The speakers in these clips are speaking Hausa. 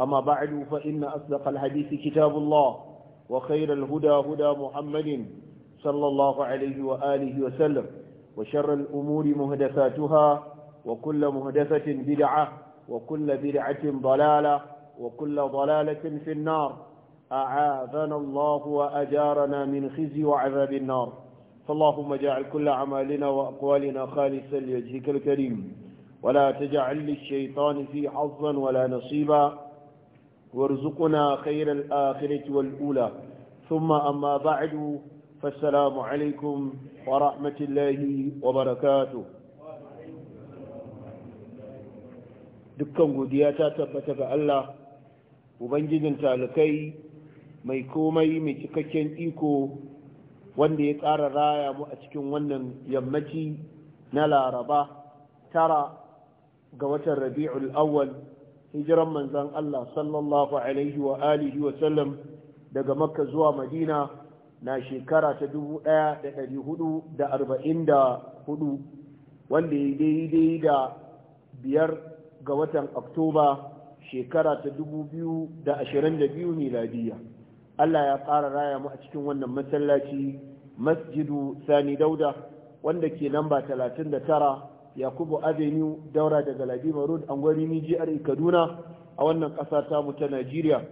أما بعد فإن أصدق الحديث كتاب الله وخير الهدى هدى محمد صلى الله عليه وآله وسلم وشر الأمور مهدثاتها وكل مهدثة بدعة وكل بدعة ضلالة وكل ضلالة في النار أعاذنا الله وأجارنا من خزي وعذاب النار فاللهم جعل كل عمالنا وأقوالنا خالصا لوجهك الكريم ولا تجعل للشيطان في حظا ولا نصيبا وارزقنا خير الآخرة والأولى ثم أما بعد فالسلام عليكم ورحمة الله وبركاته dukkan godiya ta tabbata ga Allah ubangijin talakai mai komai mai cikakken iko wanda ya ƙara raya mu a cikin wannan yammaci na laraba tara ga watan rabi'ul awwal hijiran manzan Allah sallallahu alaihi wa alihi wa sallam daga makka zuwa madina na shekara ta 1444 wanda ya daidai da biyar ga watan oktoba shekara ta 2022 miladiya Allah ya ƙara raya mu a cikin wannan masallaci masjidu sani dauda wanda ke namba 39 yakubu avenue daura daga ladima road angwari ni jihar e kaduna a wannan ƙasa tamu ta najeriya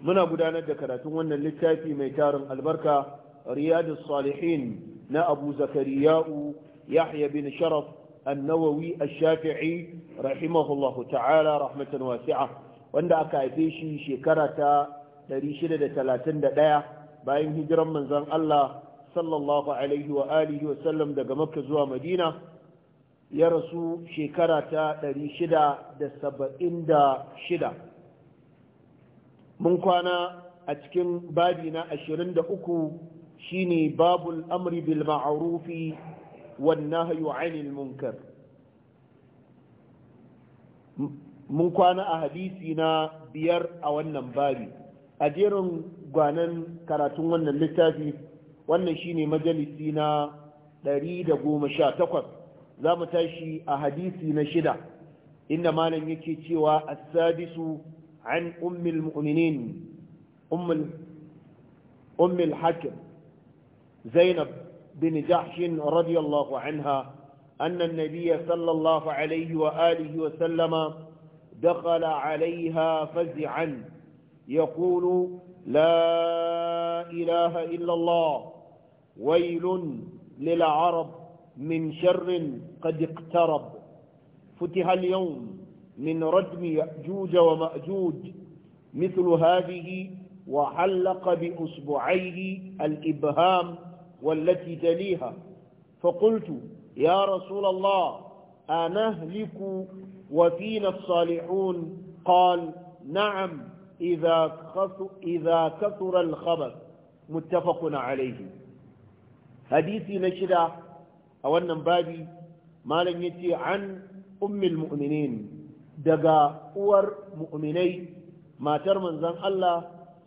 muna gudanar da karatun wannan littafi mai tarin albarka riyadu salihin na abu zakariya'u yahya bin sharaf annawawi ash-shafi'i rahimahullahu ta'ala rahmatan wasi'a wanda aka haife shi shekara ta 631 bayan hijiran manzon Allah sallallahu alaihi wa alihi wa sallam daga makka zuwa madina ya rasu shekara ta 676 mun kwana a cikin babi na 23 shine babul amri bil ma'arufi wan 'anil munkar mun kwana a hadisi na biyar a wannan babi a jerin gwanan karatun wannan littafi wannan shine majalisi na 118 za mu tashi a hadisi na shida inda malam yake cewa as-sadisu an ummul mu'minin ummul ummul hakim zainab bin jahsh radiyallahu anha anna an أن النبي صلى الله عليه وآله وسلم دخل عليها فزعا يقول لا إله إلا الله ويل للعرب من شر قد اقترب فتح اليوم من ردم يأجوج ومأجوج مثل هذه وعلق بأصبعيه الإبهام والتي تليها فقلت يا رسول الله أنهلك وفينا الصالحون قال نعم إذا كثر, إذا كثر الخبر متفق عليه حديث نشرة a wannan babi malam ya ce an ummil mu'minin daga uwar mu'minai matar manzan Allah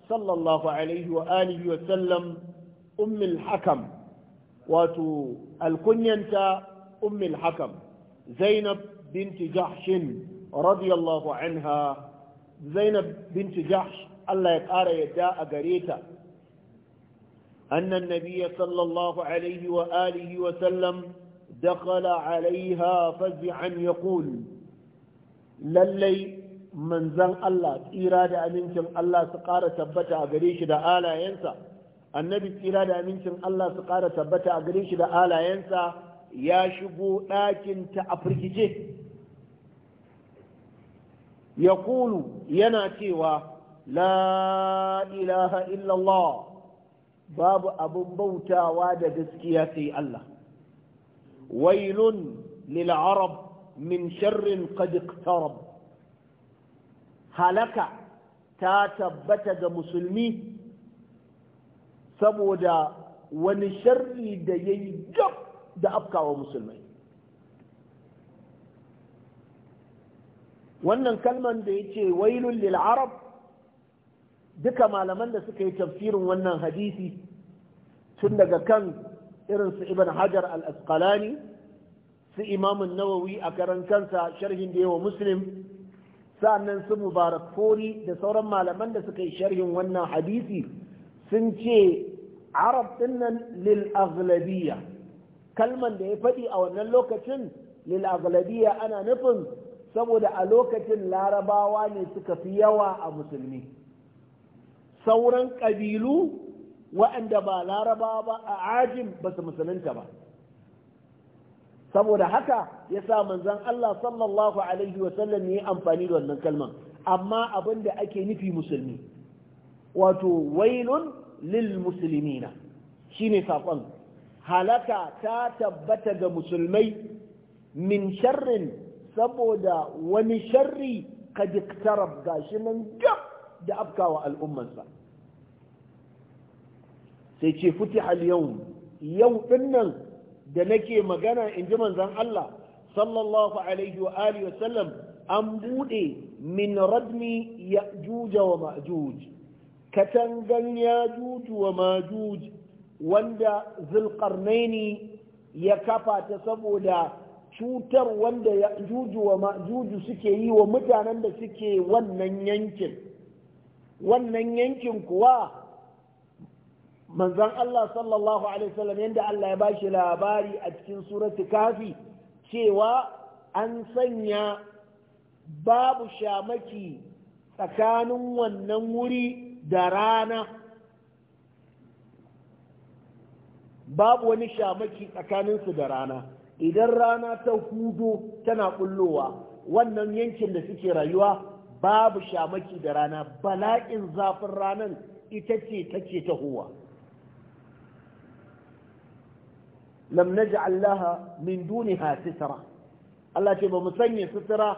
sallallahu alaihi wa alihi wa sallam ummil hakam wato alkunyanta ummil hakam zainab binti jahshin radiyallahu anha zainab binti jahsh Allah ya ƙara yadda a gare ta أن النبي صلى الله عليه وآله وسلم دخل عليها فزعا يقول للي من زن الله إرادة أمينكم الله سقارة تبتع قريش دا آلا ينسى النبي إرادة أمينكم الله سقارة تبتع قريش دا آلا ينسى يا شبو لكن تأفركجه يقول يناتي لا إله إلا الله babu abin bautawa da gaskiya sai Allah wailun lil arab min sharrin qad iqtarab halaka ta tabbata ga musulmi saboda wani sharri da yayi gab da afkawa musulmai wannan kalman da yace wailun lil arab duka malaman da suka yi tafsirin wannan hadisi tun daga kan irin su ibn hajar al-asqalani su imamun nawawi a karan kansa sharhin da yawa muslim sa'annan su mubarak fori da sauran malaman da suka yi sharhin wannan hadisi sun ce arab dinnan lil kalman da ya faɗi a wannan lokacin lil ana nufin saboda a lokacin larabawa ne suka fi yawa a musulmi sauran ƙabilu wa'anda ba laraba ba a ajin ba su musulunta ba saboda haka ya sa manzan Allah sallallahu alaihi wasallam ya yi amfani da wannan kalman amma abin da ake nufi musulmi wato wailun lil musulmina shine saƙon halaka ta tabbata ga musulmai min sharrin saboda wani sharri ka diktarar gashi nan gab da afkawa al'ummansa sai ce futi yau yau dinnan da nake magana in ji manzan Allah sallallahu alaihi wa alihi wasallam an buɗe min radmi ya juja wa ma'juj katangan ya juju wa ma'juj wanda zulƙarnaini ya kafa ta saboda cutar wanda ya juju wa ma'juju suke yi wa mutanen da suke wannan yankin wannan yankin kuwa manzan Allah sallallahu alaihi wasallam yadda Allah ya bashi labari a cikin suratu kafi cewa an sanya babu shamaki tsakanin wannan wuri da rana babu wani shamaki tsakaninsu da rana idan rana ta hudu tana kullowa wannan yankin da suke rayuwa babu shamaki da rana bala'in zafin ranar ita ce take tahowa lam naj'al laha min duniha sitra Allah ce ba mu sanya sitra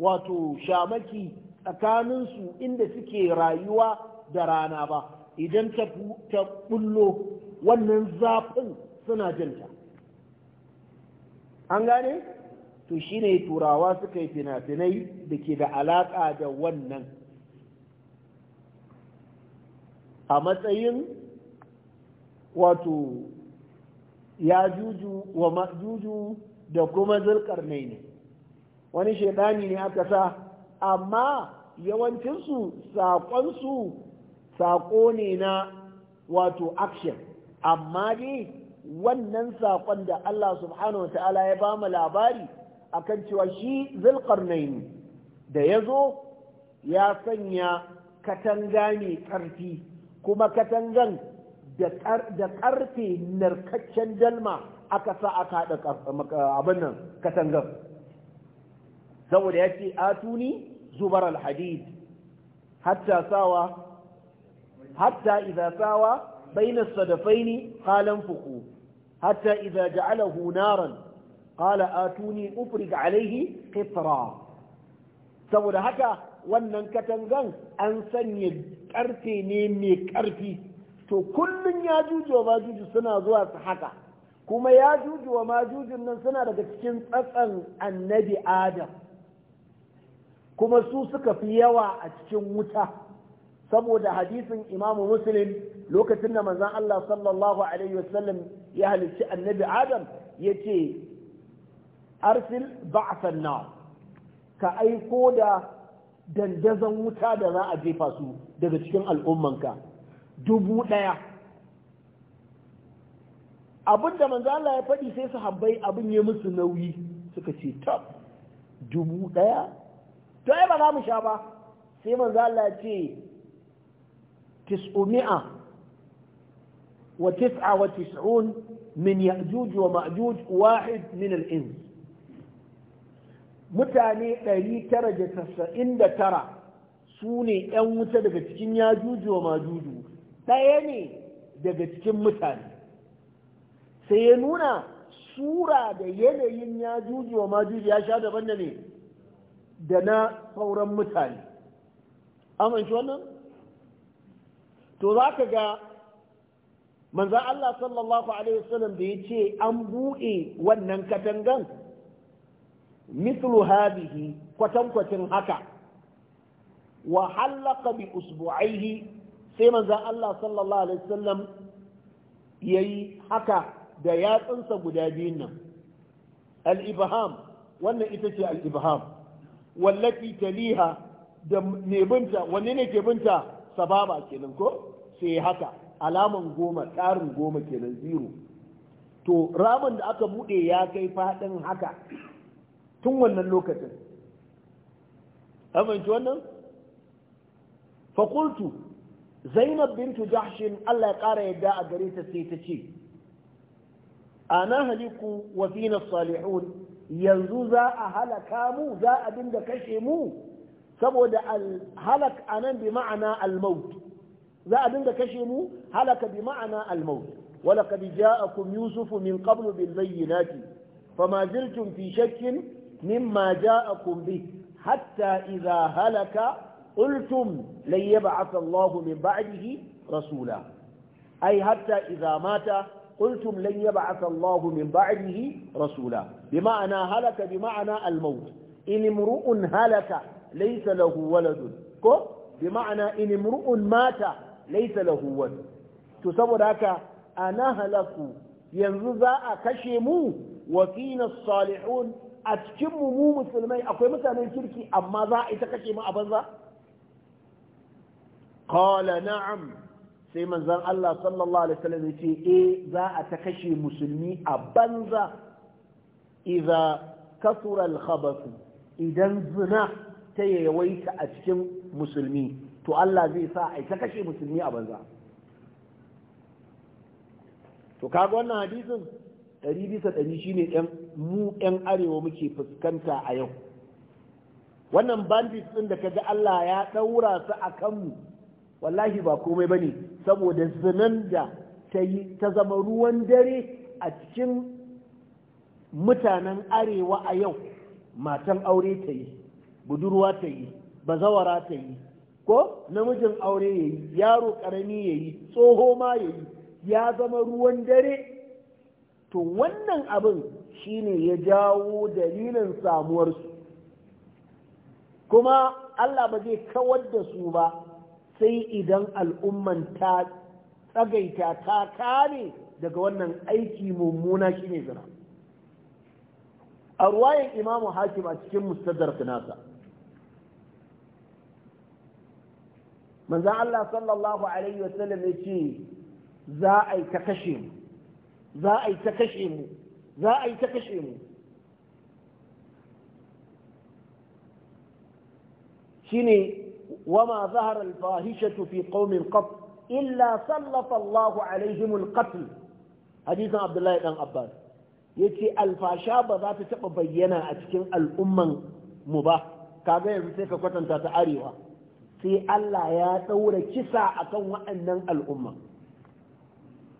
wato shamaki tsakanin su inda suke rayuwa da rana ba idan ta ta bullo wannan zafin suna jinta an gane to shi ne turawa suka yi fina-finai da ke da alaƙa da wannan a matsayin wato ya juju wa majuju da kuma zulkarnai ne wani shaidani ne aka sa amma yawancinsu saƙonsu saƙo ne na wato action amma dai wannan saƙon da Allah subhanahu wa ta'ala ya ba mu labari akan cewa shi zulqarnain da ya zo ya sanya katanga mai ƙarfi kuma katangan da ƙarfe narkaccen dalma aka sa aka haɗa abin nan katangan saboda ya ce atuni zubar alhadid hatta sawa hatta da sawa baina sadafaini qalan hatta iza ja'alahu naran qala atuni ufrik alaihi qitra saboda haka wannan katangan an sanya ƙarfe ne mai ƙarfi, to kullum ya jujuwa ba suna zuwa su haka kuma ya jujuwa ma nan suna daga cikin tsatsan annabi adam kuma su suka fi yawa a cikin wuta saboda hadisin imamu muslim lokacin da manzon Allah sallallahu alaihi wasallam ya halicci annabi adam ya ce arsil ba'san na ka aiko da dandazon wuta da za a jefa su daga cikin al'ummanka dubu ɗaya abin da Manzala ya faɗi sai su habbai abin ya musu nauyi suka ce tab dubu ɗaya to ai ba za mu sha ba sai manzo Allah ya ce tis'umi'a wa tis'a wa tis'un min ya'juj wa ma'juj wahid min al mutane 999 su ne 'yan wuta daga cikin ya juju wa majuju ɗaya ne daga cikin mutane sai ya nuna sura da yanayin ya juju wa majuju ya sha daban da ne da na sauran mutane amince wannan to za ka ga manzan Allah sallallahu Alaihi wasallam da ya ce an buɗe wannan katangan mithlu hadhihi kwatankwacin haka wa halaka bi usbu'aihi sai manzo Allah sallallahu alaihi wasallam yayi haka da yatsunsa guda biyun nan al-ibham wannan ita ce al-ibham wallati taliha da ne binta wanne ne ke binta sababa kenan ko sai haka alaman goma tsarin goma kenan zero to ramin da aka bude ya kai fadin haka tun wannan lokacin amince wannan fakultu zainab bintu jahshin allah ya ƙara yadda a gare ta sai ta ce ana haliku wa fina salihun yanzu za a halaka mu za a dinga kashe mu saboda halak anan bi ma'ana almaut za a dinga kashe mu halaka bi ma'ana almaut ولقد Yusufu min من قبل بالبينات فما زلتم في شك مما جاءكم به حتى إذا هلك قلتم لن يبعث الله من بعده رسولا أي حتى إذا مات قلتم لن يبعث الله من بعده رسولا بمعنى هلك بمعنى الموت إن امرؤ هلك ليس له ولد كو بمعنى إن امرؤ مات ليس له ولد تصور هكا أنا هلك ينزو ذا أكشمو وفينا الصالحون a cikin mu mu musulmai akwai mutanen kirki amma za a ita kake mu a banza qala na'am sai manzon Allah sallallahu alaihi wasallam ya ce eh za a ta kashe musulmi a banza idza kasura al-khabath idan zina ta yawaita a cikin musulmi to Allah zai sa a ta kashe musulmi a banza to kaga wannan hadisin ɗari shine ɗan mu 'yan arewa muke fuskanta a yau wannan bandit ɗin da kaga Allah ya ɗaura su a kanmu wallahi ba komai ba ne saboda zinan da ta yi ta zama ruwan dare a cikin mutanen arewa a yau matan aure ta yi budurwa ta yi bazawara ta yi ko namijin aure ya yi yaro ƙarami ya yi tsoho ma ya yi ya zama ruwan dare to wannan abin shine ya jawo dalilin samuwarsu kuma Allah ba zai kawar da su ba sai idan al'umman ta tsagaita ta kare daga wannan aiki mummuna shine zina a ruwayan imamu hakim a cikin mustadar nasa manzan Allah sallallahu alaihi wasallam ya ce za a yi ta kashe mu za a yi ta kashe mu za a yi ta kashe mu shine wama zahara al-fahishatu fi qaumin qat illa sallata Allah alaihim al-qatl hadisin Abdullahi dan Abbas yace alfasha ba za ta taba bayyana a cikin al'umman mu ba kaga yanzu sai ka kwatanta ta arewa sai Allah ya daura kisa akan waɗannan al'umma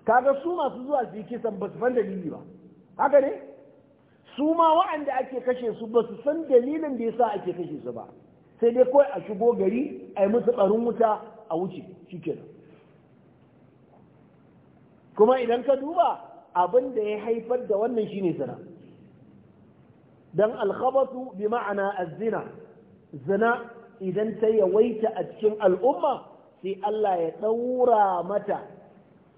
kaga su masu zuwa su yi kisan ba su fanda dalili ba haka ne su ma wa'anda ake kashe su ba su san dalilin da ya sa ake kashe su ba sai dai kawai a shigo gari a yi musu barin wuta a wuce shikenan kuma idan ka duba abin da ya haifar da wannan shine zina dan alkhabatu bi ma'ana a zina zina idan ta yawaita a cikin al'umma sai Allah ya ɗaura mata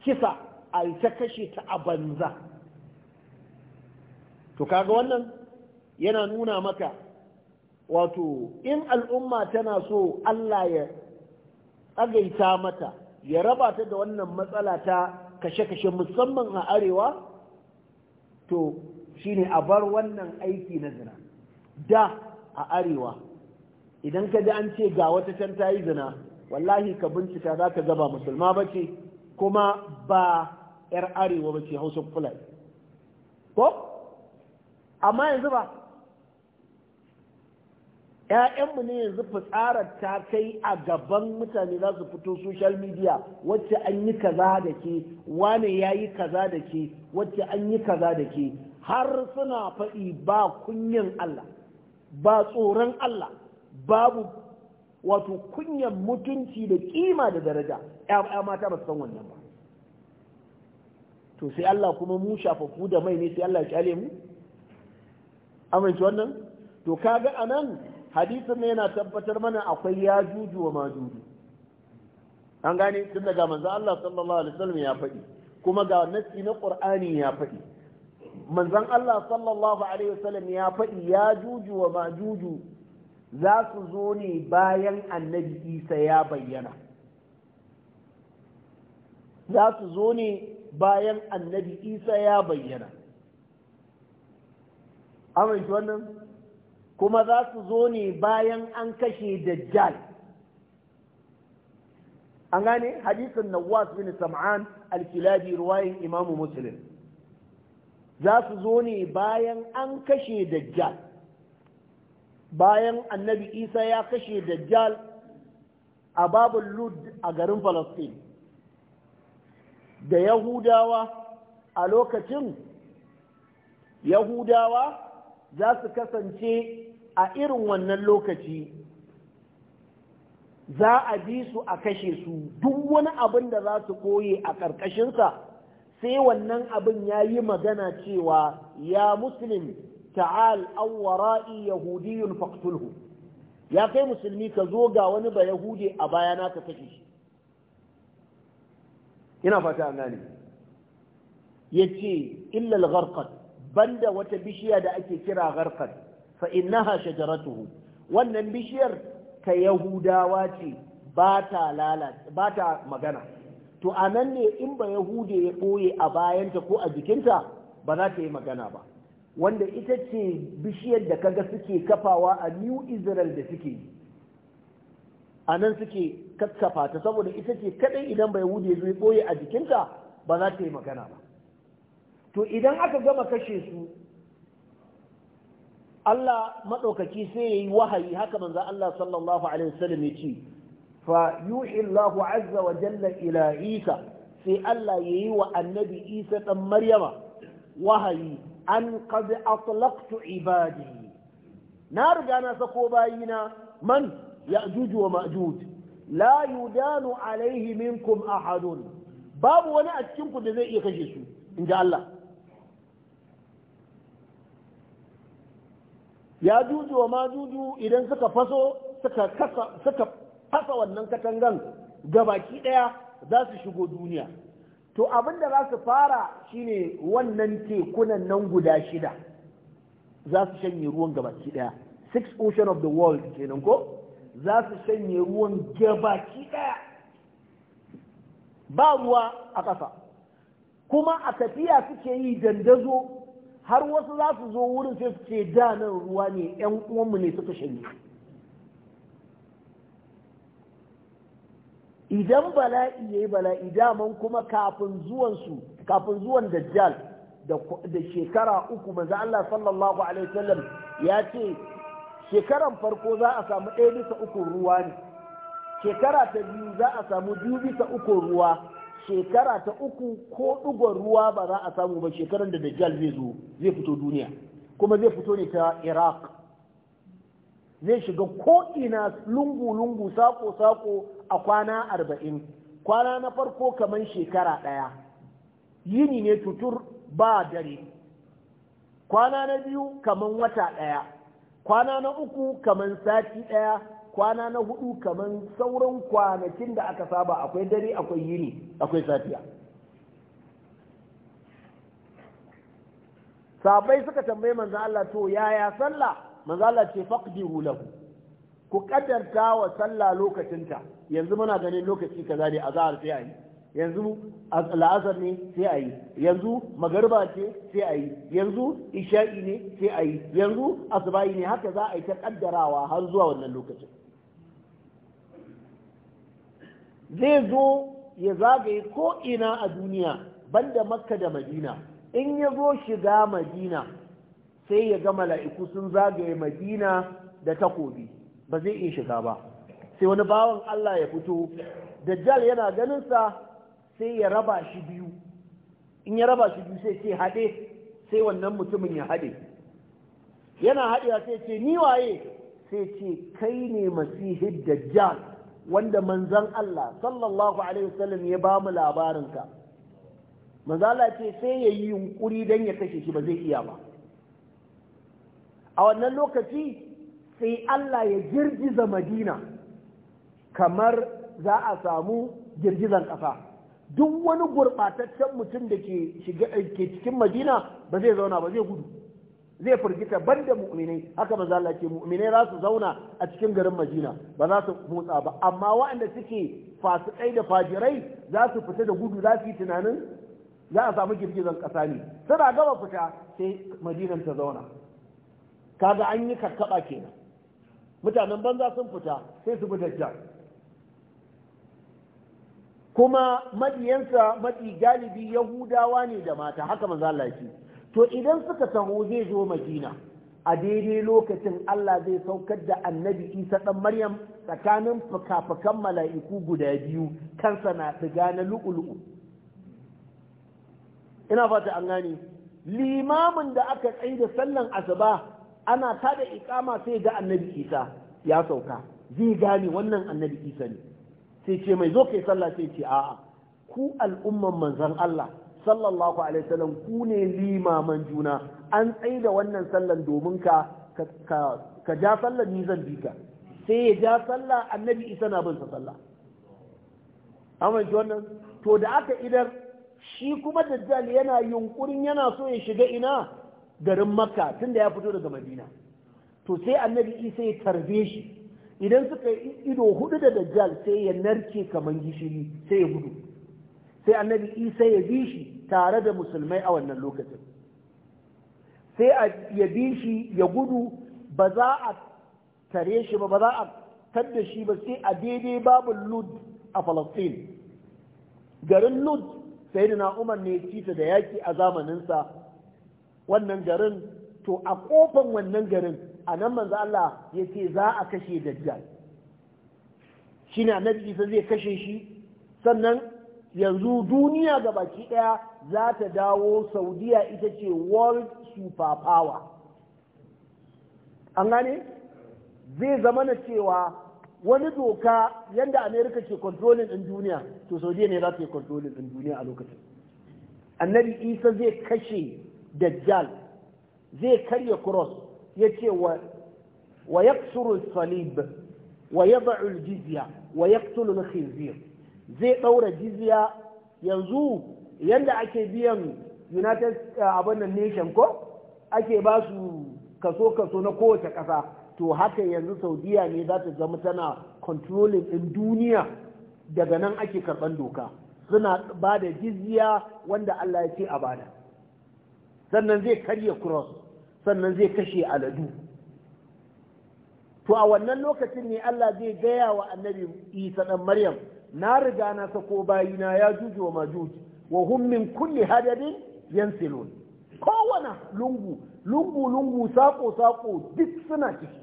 kisa a ta kashe ta a banza to kaga wannan yana nuna maka wato in al'umma tana so Allah ya tsagaita mata ya raba ta da wannan matsala ta kashe-kashe musamman a arewa to shine a bar wannan aiki na zina da a arewa idan ka ji an ce ga wata can ta yi zina wallahi ka bincika za ka zaba musulma ba ce kuma ba 'yar arewa ba ce hausa fulani ko amma yanzu ba ‘ya'yanmu ne yanzu fitsarar ta kai a gaban mutane za su fito social media wacce an yi kaza da ke wane ya yi kaza da ke wacce an yi kaza da ke har suna faɗi ba kunyan Allah ba tsoron Allah babu wato kunyan mutunci da kima da daraja ‘ya'ya mata ba su san wannan ba to sai Allah kuma mu shafafu da mai ne sai Allah ya kyale mu amince wannan to kaga anan hadisin ne yana tabbatar mana akwai ya juju wa juju. an gane tun daga manzo Allah sallallahu alaihi wasallam ya faɗi kuma ga nasi na Qur'ani ya faɗi manzon Allah sallallahu alaihi wasallam ya faɗi ya juju wa majuju za su zo ne bayan annabi Isa ya bayyana za su zo ne bayan annabi Isa ya bayyana shi wannan kuma za su zo ne bayan an kashe dajjal an gane hadisin nawas bin sam'an al-kilabi ruwayin imamu muslim za su zo ne bayan an kashe dajjal bayan annabi isa ya kashe dajjal a babin lud a garin falastin da yahudawa a lokacin yahudawa za su kasance a irin wannan lokaci za a bi su a kashe su duk wani abin da za su koye a ƙarƙashinsa sai wannan abin ya yi magana cewa ya muslim ta'al an wara'i yahudiyun faktulhu ya kai musulmi ka zo ga wani ba yahudi a bayana ka kashe shi ina fata an gane ya ce illal gharqat banda wata bishiya da ake kira gharqad fa innaha shajaratuhu wannan bishiyar ta yahudawa ce ba ta lalata ba magana to anan ne in ba yahude ya boye a bayanta ko a jikinta ba za ta yi magana ba wanda ita ce bishiyar da kaga suke kafawa a new israel da suke yi a suke kakkafa ta saboda ita ce kadai idan ba Yahude ya ɓoye a jikinta ba za ta yi magana ba to idan aka gama kashe su Allah maɗaukaki sai ya yi wahayi haka manza Allah sallallahu alaihi wasallam ya ce fa yuhi Allah azza wa jalla ila Isa sai Allah ya yi wa annabi Isa ɗan Maryama wahayi an qad atlaqtu ibadi na riga na sako bayina man ya'juj wa ma'juj la yudanu alaihi minkum ahadun babu wani a cikin ku da zai iya kashe su inda Allah ya juju wa ma juju idan suka faso suka fasa wannan katangan gabaki daya za su shigo duniya to abin da za su fara shine wannan tekunan nan guda shida za su shanye ruwan gabaki daya six ocean of the world kenan ko za su shanye ruwan gabaki daya ba ruwa a ƙasa kuma a tafiya suke yi dandazo har wasu za su zo wurin sai su ce da nan ruwa ne yan uwanmu ne suka shanye idan bala'i ya yi bala'i daman kuma kafin zuwansu kafin zuwan dajjal da shekara uku maza Allah sallallahu alaihi wasallam ya ce shekaran farko za a samu ɗaya bisa uku ruwa ne shekara ta biyu za a samu biyu bisa uku ruwa shekara ta uku ko ɗigon ruwa ba za a samu ba shekarar da dajjal zai zo zai fito duniya kuma zai fito ne ta iraq zai shiga ko'ina lungu-lungu sako-sako a kwana arba'in kwana na farko kamar shekara ɗaya yini ne tutur ba dare kwana na biyu kamar wata ɗaya kwana na uku kamar sati ɗaya kwana na hudu kamar sauran kwanakin da aka saba akwai dare akwai yini akwai safiya sabai suka tambaye manzo Allah to yaya sallah manzo Allah ce faqdiru lahu ku kadarta wa sallah lokacinta yanzu muna ganin lokaci kaza ne azhar sai ayi yanzu al'asar ne sai ayi yanzu magarba ce sai ayi yanzu isha'i ne sai ayi yanzu asba'i ne haka za a yi ta kaddarawa har zuwa wannan lokacin zai zo ya zagaye ko'ina a duniya banda makka da madina in ya zo shiga madina sai ya ga mala'iku sun zagaye madina da takobi ba zai iya shiga ba sai wani bawan Allah ya fito dajjal yana ganin sa, sai ya raba shi biyu in ya raba shi biyu sai ce haɗe sai wannan mutumin ya haɗe yana haɗewa sai ce ni waye sai ce kai ne masihid dajjal wanda manzan Allah sallallahu alaihi wasallam ya ba mu labarinka manzala ce sai ya yi yunkuri don ya kashe shi ba zai iya ba a wannan lokaci sai Allah ya girgiza madina kamar za a samu girgizan ƙasa duk wani gurɓataccen mutum da ke cikin madina ba zai zauna ba zai gudu zai firgita banda mu'minai haka ba Allah ce mu'minai za su zauna a cikin garin Madina ba za su motsa ba amma waɗanda suke fasikai da fajirai za su fita da gudu za su yi tunanin za a samu girgizan ƙasa ne suna gaba fita sai madinan ta zauna kaga an yi karkaba kenan mutanen banza sun fita sai su bi dajjal kuma madiyansa madi galibi yahudawa ne da mata haka manzo Allah ya ce to idan suka taho zai zo madina a daidai lokacin Allah zai saukar da annabi isa ɗan maryam tsakanin fuka-fukan mala'iku guda biyu kansa na siga na lu'ulu'u ina fata an gane limamin da aka tsaye da sallan asuba ana tada ikama sai ga annabi isa ya sauka zai gane wannan annabi isa ne sai ce mai zo kai sallah sai ce a'a ku al'umman manzon Allah sallallahu alaihi wasallam ku ne limaman juna an tsaye da wannan sallan domin ka ka ja sallan ni zan bi ka sai ya ja sallah annabi isa na bin sa sallah amma ji wannan to da aka idar shi kuma dajjal yana yunkurin yana so ya shiga ina garin makka tunda ya fito daga madina to sai annabi isa ya tarbe shi idan suka yi ido hudu da dajjal sai ya narke kamar gishiri sai ya gudu sai annabi isa ya bi shi tare da musulmai a wannan lokacin sai a ya bi shi ya gudu ba za a tare shi ba ba za a tadda shi ba sai a daidai babu lud a falastin garin lud sai da na'umar ne cita da yaki a zamaninsa wannan garin to a kofan wannan garin a nan manzo Allah ya ce za a kashe dajjal shi ne annabi isa zai kashe shi sannan yanzu duniya ga baki ɗaya za ta dawo saudiya ita ce world superpower an gane zai zama na cewa wani doka yadda amerika ke controlling ɗin duniya to saudiya ne za ta yi controlling ɗin duniya a lokacin annabi isa zai kashe dajjal zai karya cross ya ce wa yaksuru salib wa yaba'u jizya wa yaqtulu khinzir zai ɗaura jizya yanzu yadda ake biyan united eh, abin nation ko ake ba su kaso-kaso na kowace ƙasa to haka yanzu saudiya ne za ta zama tana controlling in duniya daga nan ake karɓar doka suna ba da jizya wanda allah ya ce a bada sannan zai karya cross sannan zai kashe aladu to a wannan lokacin ne allah zai gaya wa annabi isa ɗan maryam na riga na sako bayina ya juju wa majuj wa hum min kulli hadadin yansilun kowane lungu lungu lungu sako sako duk suna ciki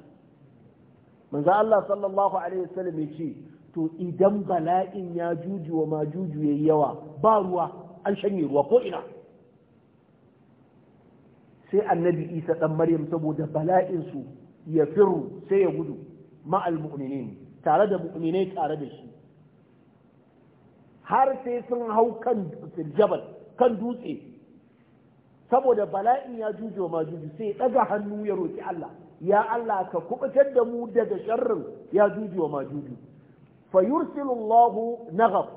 manzo Allah sallallahu alaihi wasallam yace to idan bala'in ya juju wa majuju yayi yawa ba ruwa an shanye ruwa ko ina sai annabi Isa dan Maryam saboda bala'in su ya firu sai ya gudu ma'al mu'minin tare da mu'minai tare da shi har sai sun hau kan jabal kan dutse saboda bala'in ya juje ma majuju sai ɗaga hannu ya roƙi Allah ya Allah ka kubutar da mu daga sharrin ya juje ma majuju fa yursilu na naghab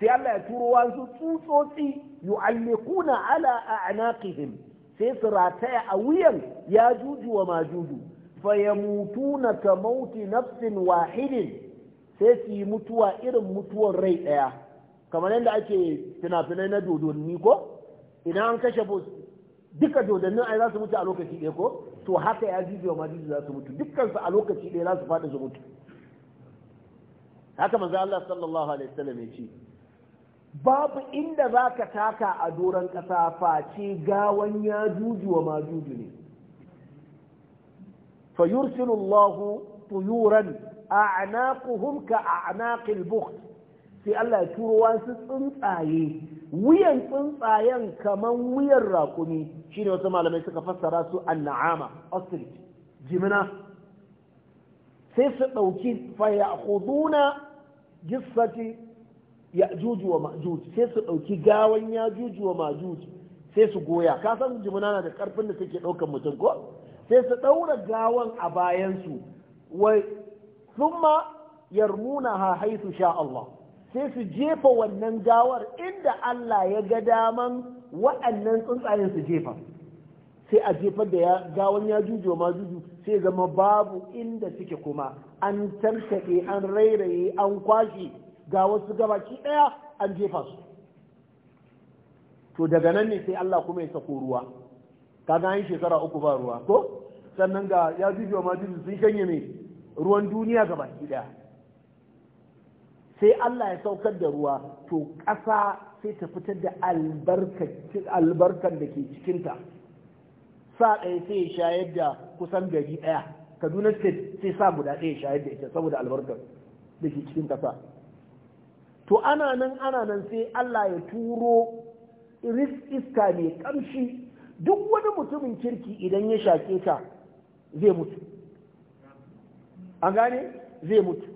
sai Allah ya turo wasu tsutsotsi yu'alliquna ala a'naqihim sai su rataya a wuyan ya juju wa majuju fa yamutuna ka mauti nafsin wahidin sai su yi mutuwa irin mutuwar rai ɗaya kamar yadda ake fina-finai na dodonni ko idan an kashe bus duka dodannin ai za su mutu a lokaci ɗaya ko to haka ya jiji wa majiji za su mutu dukkansu a lokaci ɗaya za su faɗi su mutu haka manzo Allah sallallahu alaihi wasallam ya ce babu inda za ka taka a doron ƙasa face gawan ya juji wa majuju ne fa yursilu Allahu tuyuran a'naquhum ka a'naqil bukht sai Allah ya turo wasu tsuntsaye wuyan tsuntsayen kaman wuyan raƙumi shine wasu malamai suka fassara su an'ama ostrich jimina sai su ɗauki faya huduna gisati ya wa ma'juj sai su ɗauki gawan ya wa ma'juj sai su goya ka san jimina na da karfin da take ɗaukan mutum ko sai su ɗaura gawan a bayansu wai thumma yarmunaha haythu sha Allah sai su jefa wannan gawar inda Allah ya ga daman waɗannan tsuntsayen su jefa sai a jefar da gawan ya jujo ma juju sai zama babu inda suke kuma an tarkaɗe an rairaye an kwashe ga wasu gabaki ɗaya an jefa su to daga nan ne sai Allah kuma ya sako ruwa kaga an shekara uku ba ruwa ko sannan ga ya jujo ma juju sun shanye ne ruwan duniya ga baki daya sai Allah ya saukar da ruwa to ƙasa sai ta fitar da albarkar da ke cikinta sa ɗaya sai ya shayar da kusan gari ɗaya kaduna sai sa guda ɗaya shayar da ita saboda albarkar da ke cikin ƙasa to ana nan ana nan sai Allah ya turo iska mai ƙamshi duk wani mutumin kirki idan ya shaƙe ta zai mutu an gane zai mutu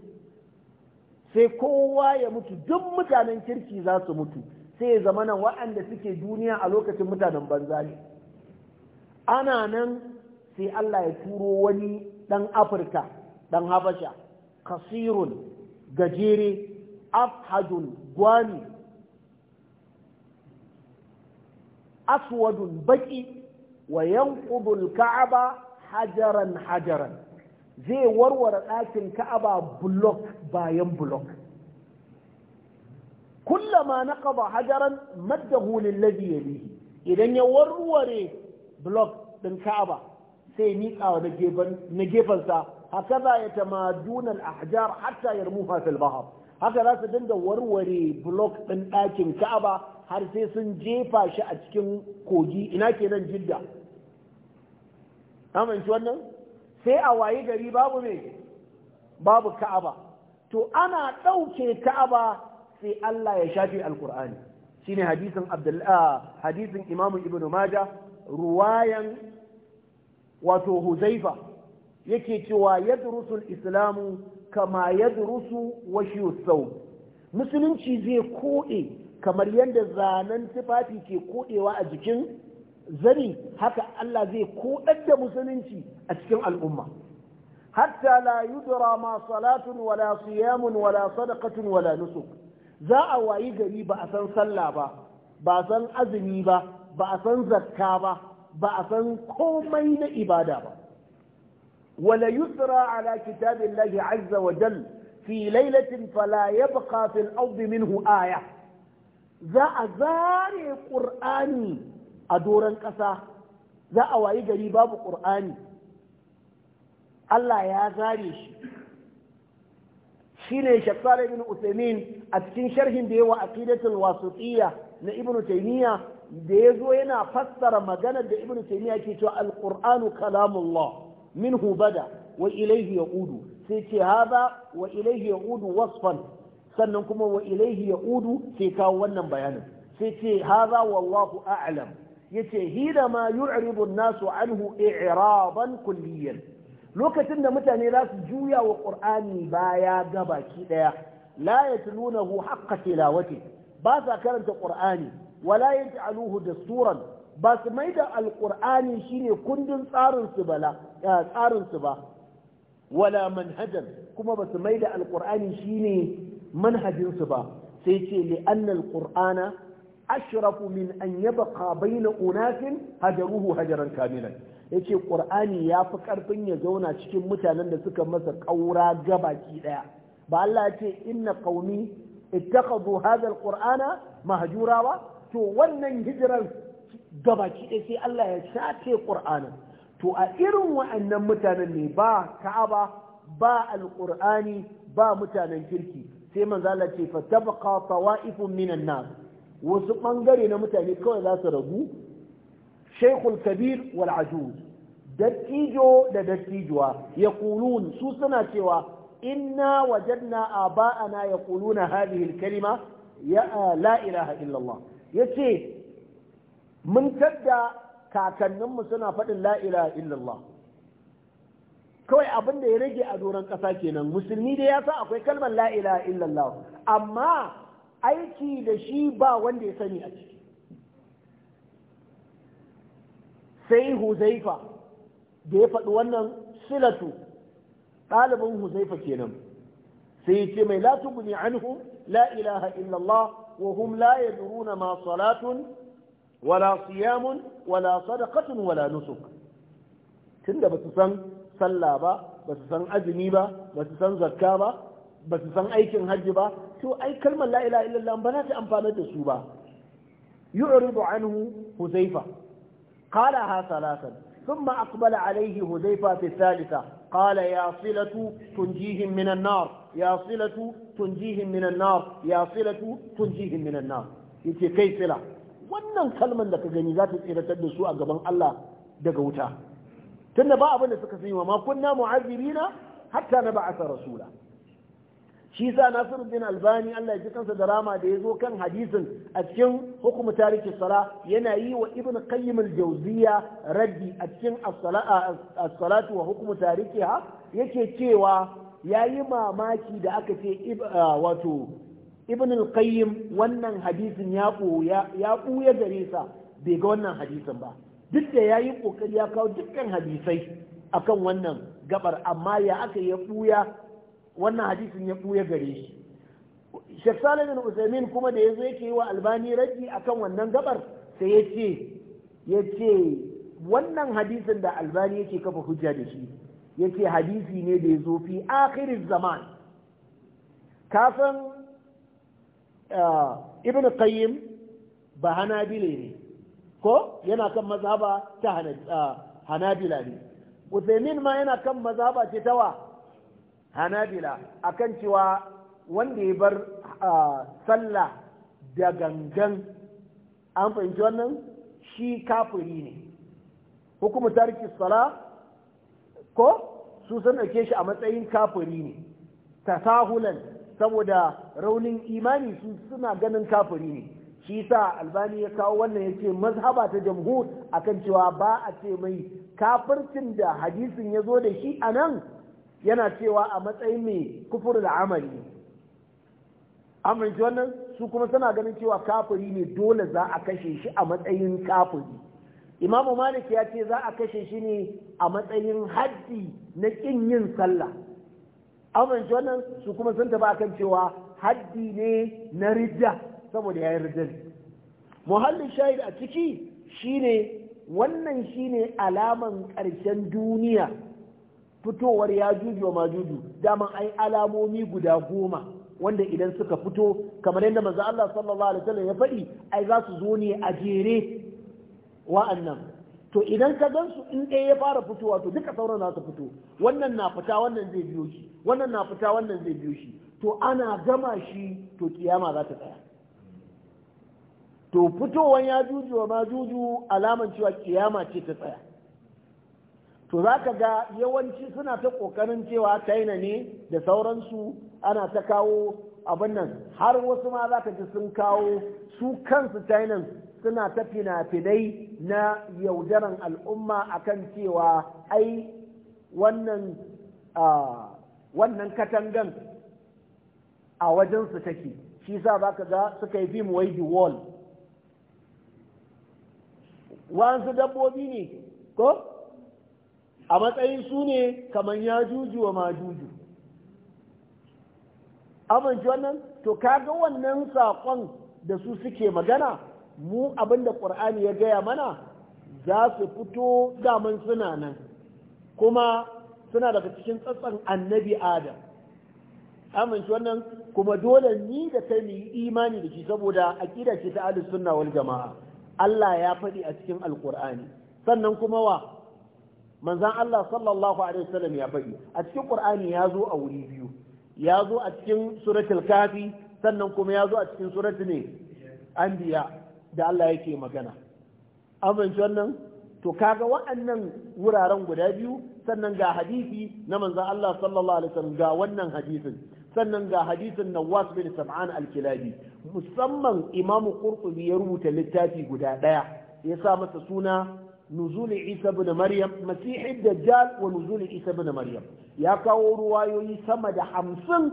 sai kowa ya mutu duk mutanen kirki za su mutu sai ya zama nan waɗanda suke duniya a lokacin mutanen banza ne ana nan sai Allah ya turo wani ɗan afirka ɗan habasha kasirun gajere afhajun gwani aswadun baki wa yankudul ka'aba hajaran hajaran zai warware ɗakin ka'aba bulok bayan bulok. kullama na ƙaba hajaran maddahu lillazi ne. idan ya warware bulok ɗin ka'aba sai miƙa na gefensa haka za ya tamaduna al-ahjar hatta yarmuha fil haka za su dinga warware bulok ɗin ɗakin ka'aba har sai sun jefa shi a cikin kogi ina kenan jidda amince wannan sai a wayi gari babu ne? babu ka'aba to ana ɗauke ka'aba sai Allah ya shafi alkur'ani shine hadisin abdullah hadisin imamu ibnu maja ruwayan wato huzaifa yake cewa yadrusul islamu kama yadrusu washiyu sau musulunci zai koɗe kamar yadda zanen tufafi ke koɗewa a jikin zani haka Allah zai koɗar da musulunci a cikin al'umma hatta la yudra ma salatun wala siyamun wala sadaqatun wala nusuk za a wayi gari ba a san sallah ba ba a san azumi ba ba a san zakka ba ba a san komai na ibada ba wala yusra ala kitabillahi azza wa jal fi lailatin fala yabqa fil ardi minhu aya za a zare qur'ani a doron ƙasa za a wayi gari babu ƙur'ani Allah ya zare shi shine shakkar ibn Uthaymeen a cikin sharhin da yawa aqidatul wasitiyya na ibn Taymiyyah da ya zo yana fassara maganar da ibn Taymiyyah ke cewa al-Qur'anu kalamullah minhu bada wa ilayhi udu. sai ce haza wa ilayhi udu wasfan sannan kuma wa ya udu sai kawo wannan bayanin sai ce haza wallahu a'lam yace hina ma yu'ridu an-nasu anhu i'raban kulliyan lokacin da mutane za su juya wa qur'ani baya ga baki daya la yatlunahu haqqa tilawati ba sa karanta qur'ani wala yaj'aluhu dasturan ba su mai da alqur'ani shine kundin tsarinsu ba wala manhajan kuma ba su mai da alqur'ani shine manhajinsu ba sai ce li anna ashrafu min an yabqa bayna unasin hajaruhu hajaran kamilan yace qur'ani yafi karfin ya zauna cikin mutanen da suka masa ƙaura gabaki ɗaya. ba Allah yace inna qaumi ittakhadhu hadha alqur'ana mahjura ba to wannan hijiran gabaki daya sai Allah ya shafe qur'anin to a irin wa'annan mutanen ne ba ka'aba ba alqur'ani ba mutanen kirki sai manzo Allah ce fa tabqa tawa'ifun minan nas wasu ɓangare na mutane kawai za su ragu shaikhul kabir wal ajuz dattijo da dattijuwa ya kulun su suna cewa inna wajadna aba'ana ya kuluna hadhihi kalima ya la ilaha illallah ce mun tadda kakanninmu suna faɗin la ilaha illallah kawai abin da ya rage a doron ƙasa kenan musulmi da ya sa akwai kalmar la ilaha illallah amma aiki da shi ba wanda ya sani a ciki sai huzaifa da ya faɗi wannan silatu ɗalibin huzaifa kenan sai ya ce mai latu anhu la ilaha illallah wa hum la yadruna ma salatun wala siyamun wala sadaqatun wala nusuk tunda ba su san sallah ba ba su san azumi ba ba su san zakka ba ba su san aikin hajji ba to ai kalmar la ilaha illallah ba za ta amfana da su ba yu'ridu anhu huzaifa qala ha salatan thumma aqbala alayhi huzaifa fi thalitha qala ya silatu tunjihim min an-nar ya silatu tunjihim min an-nar ya silatu tunjihim min an-nar yace kai sila wannan kalmar da ka gani za ta tsiratar da su a gaban Allah daga wuta tunda ba abin da suka sani wa ma kunna mu'azzibina hatta nab'atha rasula shi sa nasiruddin albani Allah ya ji kansa da rama da ya zo kan hadisin a cikin hukumu tarihi sala yana yi wa ibn qayyim al-jawziya raddi a cikin as-salatu wa hukumu tarikiha yake cewa yayi mamaki da aka ce wato ibn al wannan hadisin ya buya ya gare sa bai ga wannan hadisin ba duk da yayi kokari ya kawo dukkan hadisai akan wannan gabar amma ya aka ya buya wannan hadisin ya buya gare shi Sheikh Salim Usaimin kuma da yazo yake yi wa Albani raji akan wannan gabar sai yace ce wannan hadisin da Albani yake kafa hujja da shi yace hadisi ne da ya zo fi akhirin zaman kafin ibn qayyim ba hanabila ne ko yana kan mazhaba ta hanabila ne Usaimin ma yana kan mazhaba ce ta wa hanabila akan cewa wanda ya bar sallah da gangan an fahimci wannan shi kafiri ne hukumu tarki sala ko su san ɗauke shi a matsayin kafiri ne tasahulan saboda raunin imani su suna ganin kafiri ne shi sa albani ya kawo wannan ya ce mazhaba ta jamhur akan cewa ba a ce mai kafircin da hadisin ya zo da shi a nan yana cewa a matsayin mai kufur da amali amince wannan su kuma suna ganin cewa kafiri ne dole za a kashe shi a matsayin kafiri imamu malik ya ce za a kashe shi ne a matsayin haddi na ƙin yin sallah amince wannan su kuma sun taba kan cewa haddi ne na rija saboda ya yi riddar muhallin shahid a ciki shine wannan shine alaman ƙarshen duniya fitowar ya juju wa majuju daman ai alamomi guda goma wanda idan suka fito kamar yadda manzo Allah sallallahu alaihi wasallam ya faɗi ai za su zo ne a jere wa'annan to idan ka gan su in ɗaya ya fara fitowa to duka sauran za su fito wannan na fita wannan zai biyo shi wannan na fita wannan zai biyo shi to ana gama shi to kiyama za ta tsaya to fitowan ya juju wa juju, alaman cewa kiyama ce ta tsaya to za ka ga yawanci suna ta ƙoƙarin cewa china ne da sauransu ana ta kawo abin nan har wasu ma za ka ji sun kawo su kansu china suna ta fina-finai na yaudaran al'umma akan cewa ai wannan wannan katangan a wajensu take shi sa za ka ga suka yi fim wai the wall wa'ansu dabbobi ne ko a matsayin su ne kamar ya juju wa ma juju amince wannan to kaga wannan saƙon da su suke magana mu abinda ƙur'ani ya gaya mana za su fito daman suna nan kuma suna daga cikin tsatsan annabi adam amince wannan kuma dole ni da ta mu yi imani da shi saboda aƙida ce ta ahlus wal jama'a Allah ya faɗi a cikin alƙur'ani sannan kuma wa manzan Allah sallallahu alaihi wasallam ya faɗi a cikin Qur'ani ya zo a wuri biyu ya zo a cikin suratul kafi sannan kuma ya zo a cikin suratul ne anbiya da Allah yake magana amince wannan to kaga wa'annan wuraren guda biyu sannan ga hadisi na manzan Allah sallallahu alaihi wasallam ga wannan hadisin sannan ga hadisin Nawas bin Sam'an al-Kilabi musamman Imam Qurtubi ya rubuta littafi guda ɗaya, ya sa masa suna نزول عيسى بن مريم مسيح الدجال ونزول عيسى بن مريم يا kawo ruwayoyi سما da 50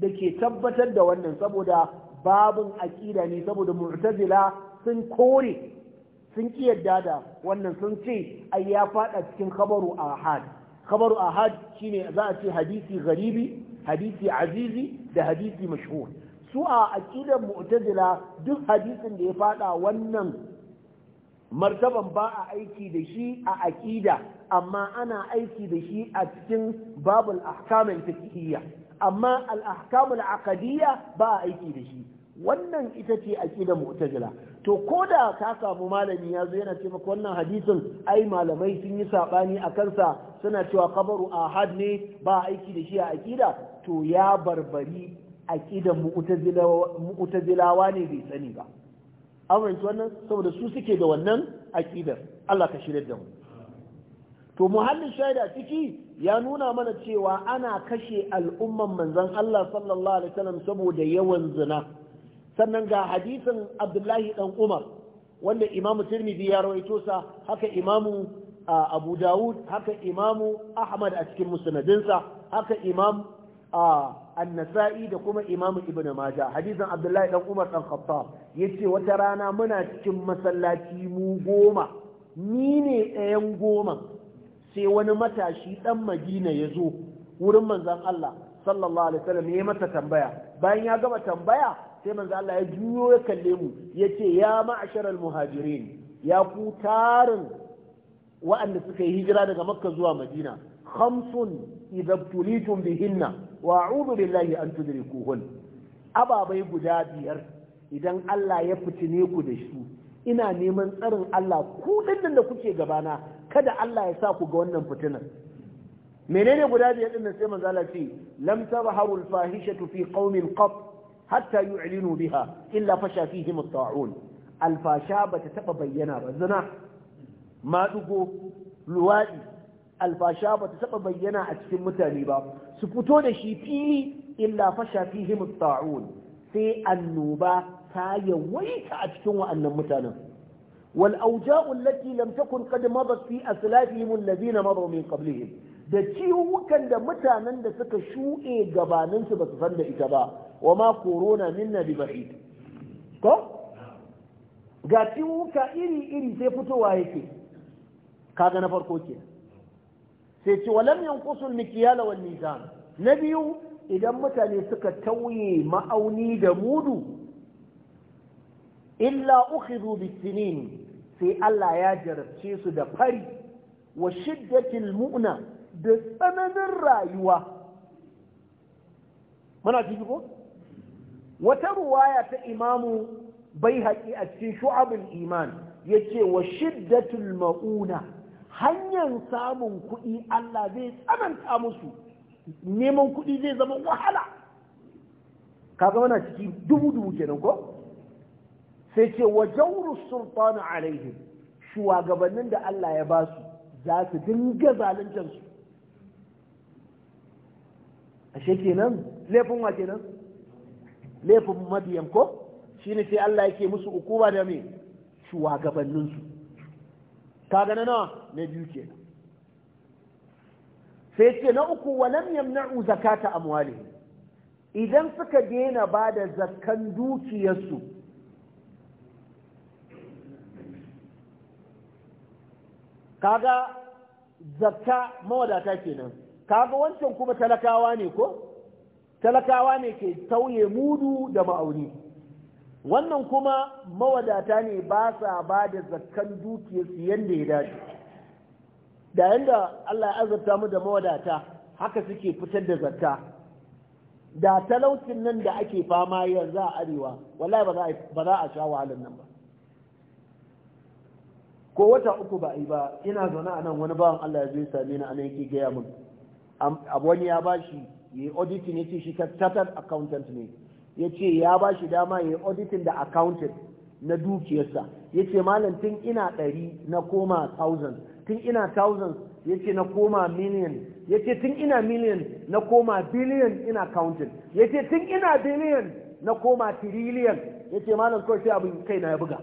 ke tabbatar da wannan saboda babun aƙida ne saboda mu'tazila sun kore sun yadda da wannan sun ce ai ya fada cikin khabaru ahad khabaru ahad shine za a ce hadisi garibi hadisi azizi da hadisi mashhur su a aqidar mu'tazila duk hadisin da ya fada wannan martaban ba a aiki da shi a aƙida amma ana aiki da shi a cikin babul ahkamul fiqhiyya amma al ahkamul aqdiyya ba a aiki da shi wannan ita ce aqida mu'tazila to koda ka samu malami ya zo yana ce wannan hadisin ai malamai sun yi sabani a kansa suna cewa kabaru ahad ne ba a aiki da shi a aqida to ya barbari aqidan mu'tazilawa ne bai sani ba an wannan saboda su suke da wannan aƙidar Allah ka shirya da mu to muhallin shaida ciki ya nuna mana cewa ana kashe al'umman manzon Allah sallallahu alaihi wasallam saboda yawan zina sannan ga hadisin Abdullahi dan Umar wanda Imam Tirmidhi ya rawaito sa haka Imam ah, Abu Dawud haka Imam Ahmad a cikin musnadinsa haka Imam a annasa'i da kuma imam ibn maja hadisin abdullahi dan umar dan khattab yace wata rana muna cikin masallaci mu goma ni ne ɗayan goma sai wani matashi dan madina ya zo wurin manzon Allah sallallahu alaihi wasallam ya masa tambaya bayan ya gama tambaya sai manzon Allah ya juyo ya kalle mu yace ya ma'asharal muhajirin ya ku tarin wa'anda suka yi hijira daga makka zuwa madina khamsun idza tulitum bihinna wa a'udhu billahi an tudrikuhun ababai guda biyar idan Allah ya fitine ku da su ina neman tsarin Allah ku dinnan da kuke gabana kada Allah ya sa ku ga wannan fitinar menene guda biyar din sai manzo Allah ce lam tazharu al-fahishatu fi qaumin qat hatta yu'linu biha illa fasha fihim at-ta'un al-fasha bata taɓa bayyana ba zina madugo luwadi alfasha ba ta taɓa bayyana a cikin mutane ba su fito da shi fili illa fasha fihi mutta'un sai annoba ta yawaita a cikin wa'annan mutanen wal auja'u allati lam takun qad madat fi aslafihim alladhina madu min qablihim da ciwukan da mutanen da suka shuɗe gabaninsu ba su san da ita ba wa ma korona minna bi ba'id ko ga ciwuka iri iri sai fitowa yake kaga na farko kenan sai ce walam yanqusul mikyala wal mizan na biyu idan mutane suka tauye ma'auni da mudu illa ukhidhu bisinin sai Allah ya jarabce su da fari wa shiddatil mu'na da tsananin rayuwa muna ciki ko wata ruwaya ta imamu bai haƙi a cikin shu'abul iman yace wa shiddatul ma'una hanyar samun kuɗi Allah zai tsananta musu neman kuɗi zai zama wahala kaga mana ciki dubu dubu kenan ko sai ce wa jawru sultanu alaihim shugabannin da Allah ya ba su za su dinga zaluntar su ashe kenan laifin wa kenan laifin mabiyan ko shine sai Allah yake musu ukuba da me shugabannin su kaga na nawa na biyu ke. sai ce na uku walam yamna'u zakata amwalihim idan suka dena ba da zakkan dukiyarsu kaga zakka mawadata kenan kaga wancan kuma talakawa ne ko talakawa ne ke tauye mudu da ma'auni wannan kuma mawadata ne ba sa ba da zakkan dukiyarsu yadda ya dace da yadda Allah ya azabta mu da mawadata haka suke fitar da zakka da talaucin nan da ake fama yanzu a arewa wallahi ba za a sha wahalar nan ba ko wata uku ba yi ba ina zaune a nan wani bawan Allah ya zai same ni anan yake gaya mun. wani ya bashi yi auditing yace shi tatar accountant ne ya ce ya ba shi dama ya yi auditing da accounting na dukiyarsa ya ce malam tun ina ɗari na koma thousands tun ina thousands ya ce na koma million ya ce tun ina million na koma billion ina counting ya ce tun ina billion na koma trillion ya ce malam kawai sai abin na ya buga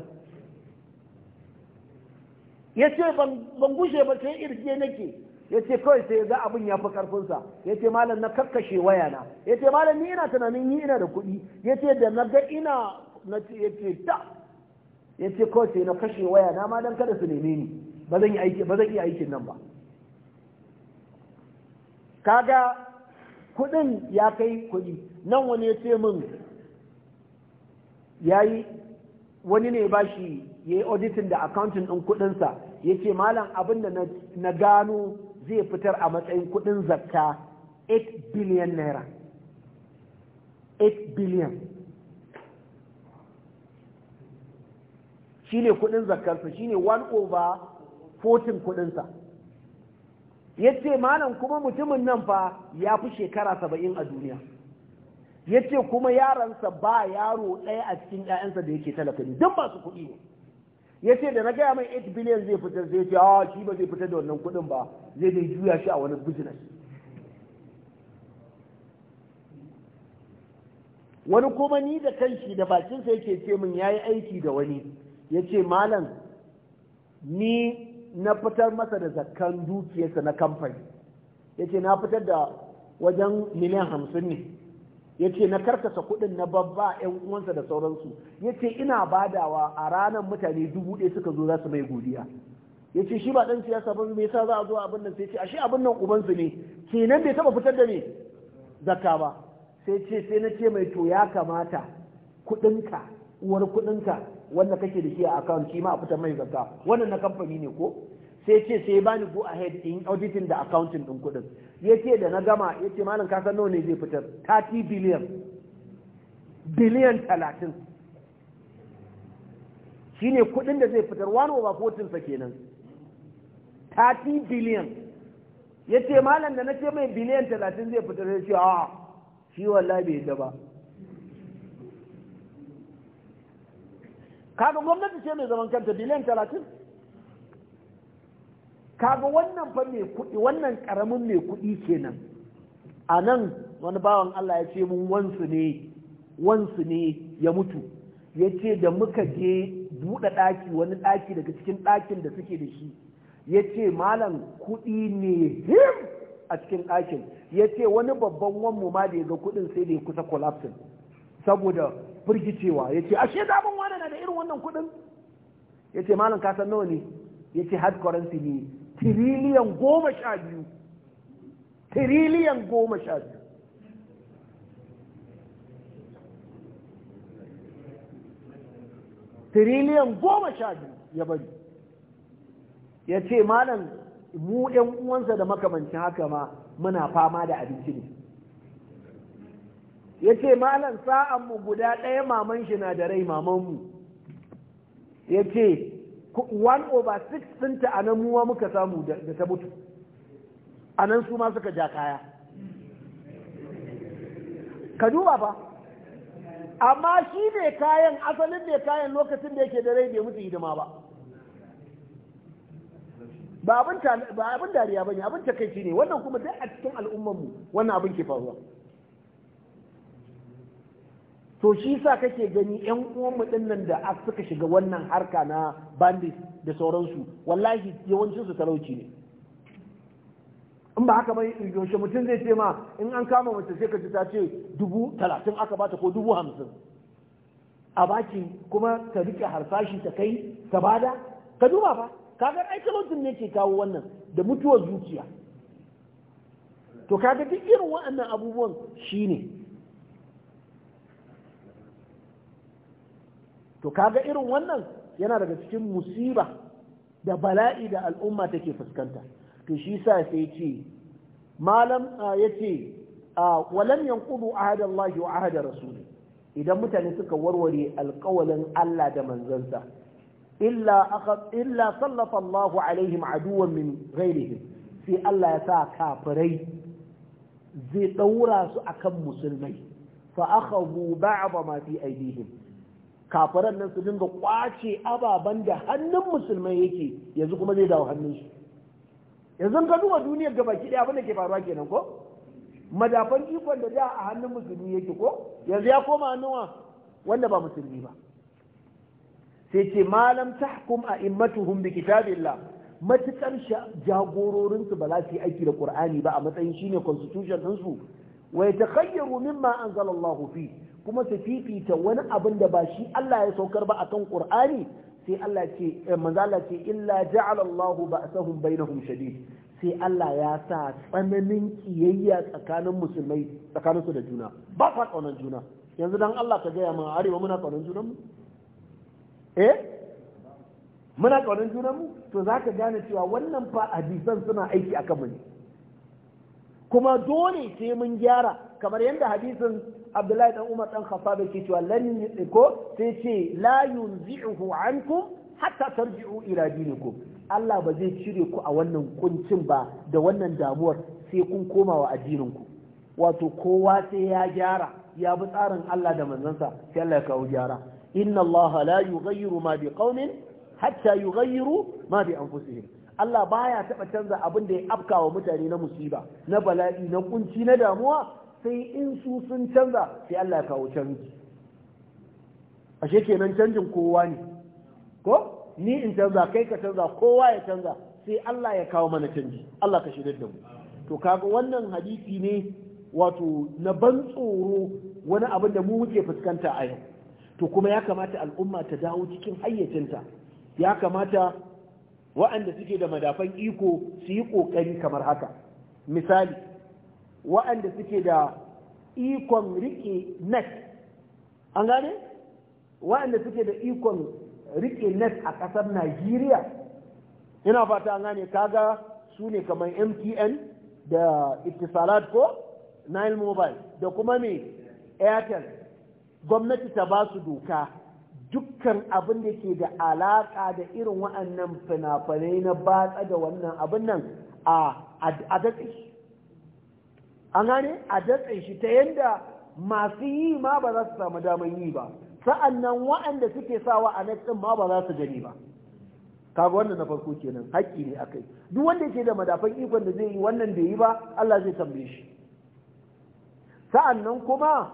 ya ce ban gushe ba sai irge nake ya ce kawai sai ga abin ya fi karfinsa ya ce malam na kakkashe wayana ya ce malam ni ina tunanin yi ina da kuɗi ya ce da na ga ina na ce ya ce ta ya ce kawai sai na kashe wayana ma dan kada su neme ni ba zan iya aikin nan ba kaga kuɗin ya kai kuɗi nan wani ya ce min ya yi wani ne ba shi ya yi auditing da accounting ɗin kuɗinsa ya ce malam abin da na gano zai fitar a matsayin kudin zakka 8 billion naira 8 billion shi ne kudin zakkarsa shi ne 1 over 14 kudinsa ya ce malam kuma mutumin nan fa ya fi shekara saba'in a duniya ya ce kuma yaransa ba yaro ɗaya a cikin 'ya'yansa da yake talakani ne duk masu kuɗi ne ya ce da na gaya mai 8 billion zai fitar zai ce a ah, shi ba zai fitar da wannan kudin ba zai dai juya shi a wani business wani kuma ni da kanshi da bakinsa yake ce min ya yi aiki da wani ya ce malam ni na fitar masa da zakkan dukiyarsa na kamfani ya ce na fitar da wajen miliyan hamsin ne yace na karkasa kuɗin na babba 'yan uwansa da sauransu yace ina badawa a ranar mutane dubu ɗaya suka zo za su mai godiya ya shi ba ɗan siyasa ba me yasa za a zo abin nan sai ce ashe abin nan ubansu ne kenan bai taɓa fitar da me zakka ba sai ce sai na ce mai to ya kamata kuɗinka uwar kuɗinka wanda kake da shi a akawun shi ma a fitar mai zakka wannan na kamfani ne ko sai ce sai ba ni go ahead in auditing da accounting din kudin yace da na gama yace malam ka san nawa ne zai fitar 30 billion billion 30 shine kudin da zai fitar 1 over 14 sa kenan 30 billion yace malam da nace mai billion 30 zai fitar sai ce a shi wallahi bai da ba kaga gwamnati ce mai zaman kanta biliyan talatin kaga wannan fa mai kuɗi wannan ƙaramin mai kuɗi kenan a nan wani bawan Allah ya ce mun wansu ne wansu ne ya mutu ya ce da muka je buɗe ɗaki wani ɗaki daga cikin ɗakin da suke da shi ya ce malam kuɗi ne him a cikin ɗakin ya ce wani babban wanmu ma da ya ga kuɗin sai da ya kusa collapsing saboda firgicewa ya ce ashe daman wani na da irin wannan kuɗin ya ce malam ka san nawa ne ya ce hard currency ne tiriliyan goma sha biyu tiriliyan goma sha biyu tiriliyan goma sha biyu ya bari ya ce malam mu ɗan uwansa da makamancin haka ma muna fama da abinci ne ya ce malam sa'anmu guda ɗaya maman shi na da rai mamanmu ya ce 1 over 6 ɗinta a nan muwa muka samu da ta mutu a nan su ma suka ja kaya ka duba ba amma shi ne kayan asalin ne kayan lokacin da yake da rai bai mutu hidima ba ba abin dariya ba ne abin takaici ne wannan kuma dai a cikin mu wannan abin ke faruwa to shi sa kake gani yan uwanmu dinnan da suka shiga wannan harka na bandit da sauransu wallahi yawancinsu talauci ne in ba haka mai yaushe mutum zai ce ma in an kama mace sai ka ji ta ce dubu talatin aka bata ko dubu hamsin a baki kuma ta rike harsashi ta kai ta bada ka duba ba, kaga ai talautin ne ke kawo wannan da mutuwar zuciya to ka ga duk irin waɗannan abubuwan shine to kaga irin wannan yana daga cikin musiba da bala'i da al'umma take fuskanta to shi sa sai ce malam ya ce walam yanqudu ahadallahi wa ahada rasuli idan mutane suka warware alƙawalin Allah da manzansa illa akhad illa sallafa Allahu alaihim aduwan min ghairihim sai Allah ya sa kafirai zai daura su akan musulmai fa akhadhu ba'd ma fi aidihim kafiran nan su dinga kwace ababen da hannun musulmai yake yanzu kuma zai dawo hannun su yanzu ka duba duniyar gaba ki daya abin da ke faruwa kenan ko madafan ikon da da a hannun musulmi yake ko yanzu ya koma hannuwa wanda ba musulmi ba sai ce malam tahkum a immatuhum bi kitabillah matukar jagororin su ba za su yi aiki da qur'ani ba a matsayin shine constitution din su wa yatakayyaru mimma anzalallahu fi kuma su fifita wani abin da ba shi Allah ya saukar ba akan Qur'ani sai Allah ce eh, manzo Allah ce illa ja'ala Allahu ba'sahum bainahum shadid sai Allah ya sa tsananin kiyayya tsakanin musulmai tsakanin su da juna ba fa kaunar juna yanzu dan Allah ka gaya mana arewa muna kaunar juna mu eh muna kaunar juna mu to zaka gane cewa wannan fa hadisan suna aiki akan mu ne kuma dole sai mun gyara kamar yadda hadisin Abdullahi dan Umar dan Khattab ke cewa lan ko sai ce la yunzihu ankum hatta tarji'u ila dinikum Allah ba zai cire ku a wannan kuncin ba da wannan damuwar sai kun koma wa addininku wato kowa sai ya gyara ya bi tsarin Allah da manzansa sai Allah ya kawo gyara inna Allah la yughayyiru ma bi qaumin hatta yughayyiru ma bi anfusihim Allah baya taba canza abin da ya afkawa mutane na musiba na bala'i na kunci na damuwa sai in su sun canza sai Allah ya kawo canji ashe kenan canjin kowa ne ko ni in canza kai ka canza kowa ya canza sai Allah ya kawo mana canji Allah ka shirya da mu to kaga wannan hadisi ne wato na ban tsoro wani abin da mu muke fuskanta a yau to kuma ya kamata al'umma ta dawo cikin hayyacinta ya kamata wa'anda suke da madafan iko su yi ƙoƙari kamar haka misali wa'anda suke da ikon riƙe net an gane wa'anda suke da ikon riƙe net a ƙasar najeriya ina fata an gane kaga su ne kamar mtn da ittisalat ko nile mobile da kuma mai airtel gwamnati ta ba su doka dukkan abin da ke da alaƙa da irin wa'annan fina-finai na batsa da wannan abin nan a datse an gane a datse shi ta yadda masu yi ma ba za su samu damar yi ba sa'annan wa'anda suke sawa a nan ma ba za su gani ba kaga wannan na farko kenan haƙƙi ne akai duk wanda yake da madafan ikon da zai yi wannan da yi ba Allah zai tambaye shi sa'annan kuma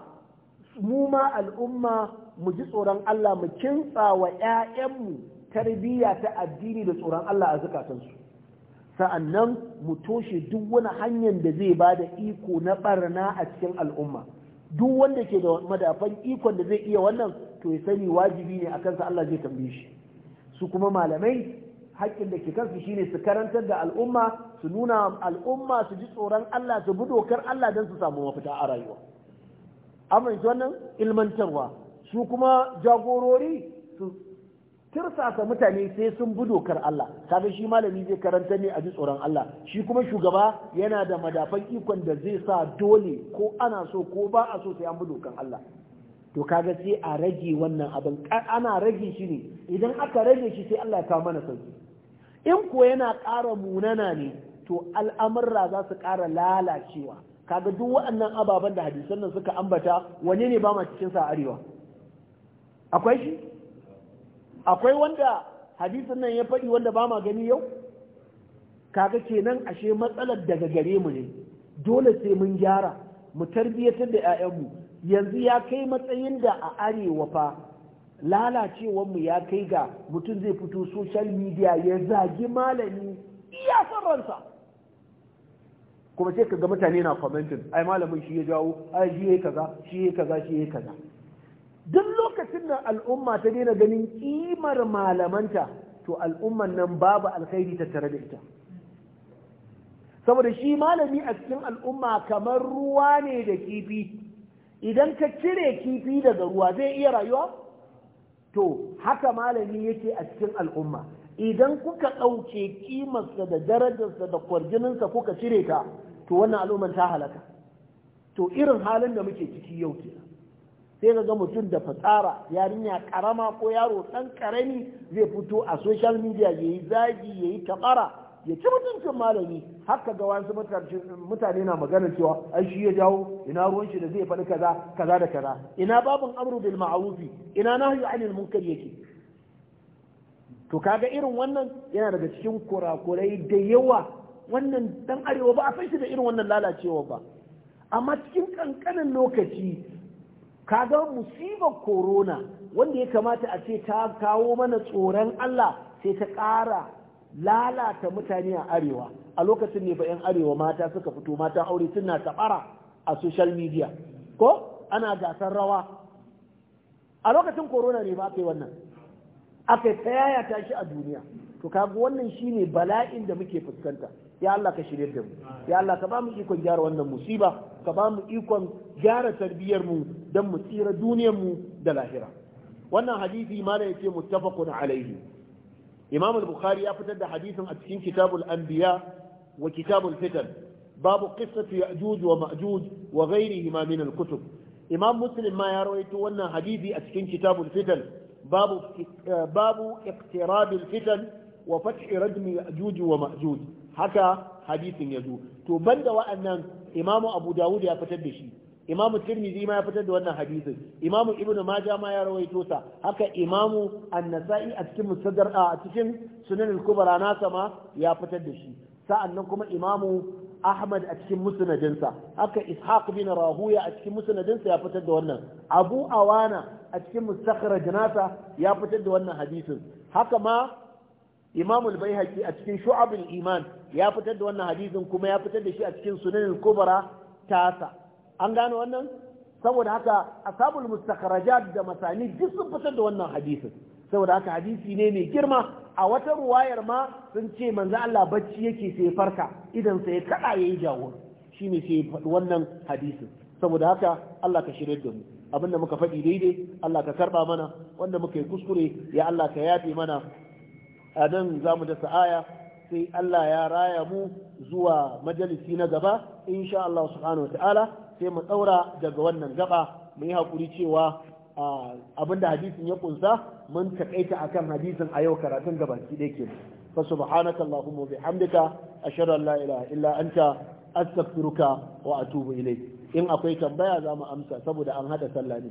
mu ma al'umma mu ji tsoron Allah mu kintsa wa 'ya'yanmu tarbiyya ta addini da tsoron Allah a zukatansu sa'annan mu toshe duk wani hanyar da zai ba da iko na barna a cikin al'umma duk wanda ke da madafan ikon da zai iya wannan to ya sani wajibi ne a kansa Allah zai tambaye shi su kuma malamai haƙƙin da ke kansu shine su karantar da al'umma su nuna al'umma su ji tsoron Allah su bi dokar Allah don su samu mafita a rayuwa amma wannan ilmantarwa su kuma jagorori su tirsasa mutane sai sun bi dokar Allah kaga shi malami zai karanta ne a ji tsoron Allah shi kuma shugaba yana da madafan ikon da zai sa dole ko ana so ko ba a so sai an bi dokar Allah to kaga sai a rage wannan abin ana rage shi ne idan aka rage shi sai Allah ya kawo mana sauki in ko yana ƙara munana ne to al'amurra za su ƙara lalacewa kaga duk waɗannan ababen da hadisan nan suka ambata wane ne ba ma cikin sa arewa akwai shi akwai wanda hadisin nan ya faɗi wanda ba ma gani yau kaga kenan ashe matsalar daga gare mu ne dole sai mun gyara mu tarbiyyatar da 'ya'yanmu yanzu ya kai matsayin da a arewa fa mu ya kai ga mutum zai fito social media ya zagi malami iya son ransa kuma sai ka ga mutane na commenting ai malamin shi ya jawo ai shi ya kaza shi ya kaza shi ya kaza duk lokacin al'umma ta daina ganin kimar malamanta to al'umman nan babu alkhairi tattare da ita saboda shi malami a cikin al'umma kamar ruwa ne da kifi idan ka cire kifi daga ruwa zai iya rayuwa to haka malami yake a cikin al'umma idan kuka ɗauke kimarsa da darajarsa da kwarjininsa kuka cire ta to wannan al'umman ta halaka to irin halin da muke ciki yau sai ka ga mutum da fasara yarinya karama ko yaro ɗan karami zai fito a social media ya yi zagi ya yi tabara ya ci mutuncin malami haka ga wasu mutane na magana cewa ai shi ya jawo ina ruwan shi da zai faɗi kaza kaza da kaza ina babin amru bil ma'rufi ina nahyu anil munkari yake to kaga irin wannan yana daga cikin kurakurai da yawa wannan dan arewa ba a san shi da irin wannan lalacewa ba amma cikin kankanin lokaci kaga musibar korona, wanda ya kamata a ce ta kawo mana tsoron Allah sai ta ƙara lalata mutane a arewa a lokacin ne ba 'yan arewa mata suka fito mata aure suna taɓara a social media ko ana gasar rawa a lokacin corona ne ba kai wannan aka ta yaya ta shi a duniya to kaga wannan shine bala'in da muke fuskanta ya Allah ka shirye da mu ya Allah ka ba mu ikon gyara wannan musiba ka ba mu ikon gyara tarbiyyar mu dan mu tsira duniyar mu da lahira wannan hadisi ma da yake muttafaqun alaihi imam al-bukhari ya fitar da hadisin a cikin kitabul anbiya wa kitabul fitan babu qissatu ya'juj wa ma'juj wa ghayrihima min al-kutub imam muslim ma ya rawaito wannan hadisi a cikin kitabul fitan babu eh, babu iqtirab al-fitan wa fath rajm ya'juj wa ma'juj haka hadisin ya zo to banda wa'annan imamu abu dawud ya fitar da shi imamu tirmidhi ma ya fitar da wannan hadisin imamu ibnu majah ma ya rawaito sa haka imamu an-nasa'i a cikin musaddar a cikin sunan al-kubra ma ya fitar da shi sa'annan kuma imamu ahmad a cikin musnadinsa haka ishaq bin rahuya a cikin musnadinsa ya fitar da wannan abu awana a cikin mustakhraj nasa ya fitar da wannan hadisin haka ma imam al-baihaqi a cikin shu'abul iman ya fitar da wannan hadisin kuma ya fitar da shi a cikin sunan kubra tasa an gano wannan saboda haka asabul mustakhrajat da masani duk sun fitar da wannan hadisin saboda haka hadisi ne mai girma a wata ruwayar ma sun ce manzo Allah bacci yake sai farka idan sai kada yayi jawo shine sai faɗi wannan hadisin saboda haka Allah ka shirye da mu abinda muka faɗi daidai Allah ka karba mana wanda muka yi kuskure ya Allah ka yafe mana adan zamu za mu dasa aya sai Allah ya raya mu zuwa majalisi na gaba insha Allah subhanahu wataala sai mu tsaura daga wannan gaba mu yi hakuri cewa abinda hadisin ya kunsa mun takaita akan hadisin a yau karatun gabaki da kenan fa subhanaka allahumma hamdika ashhadu an la ilaha illa anta astaghfiruka wa atubu ilayk in akwai tambaya za mu amsa saboda an hada sallah ne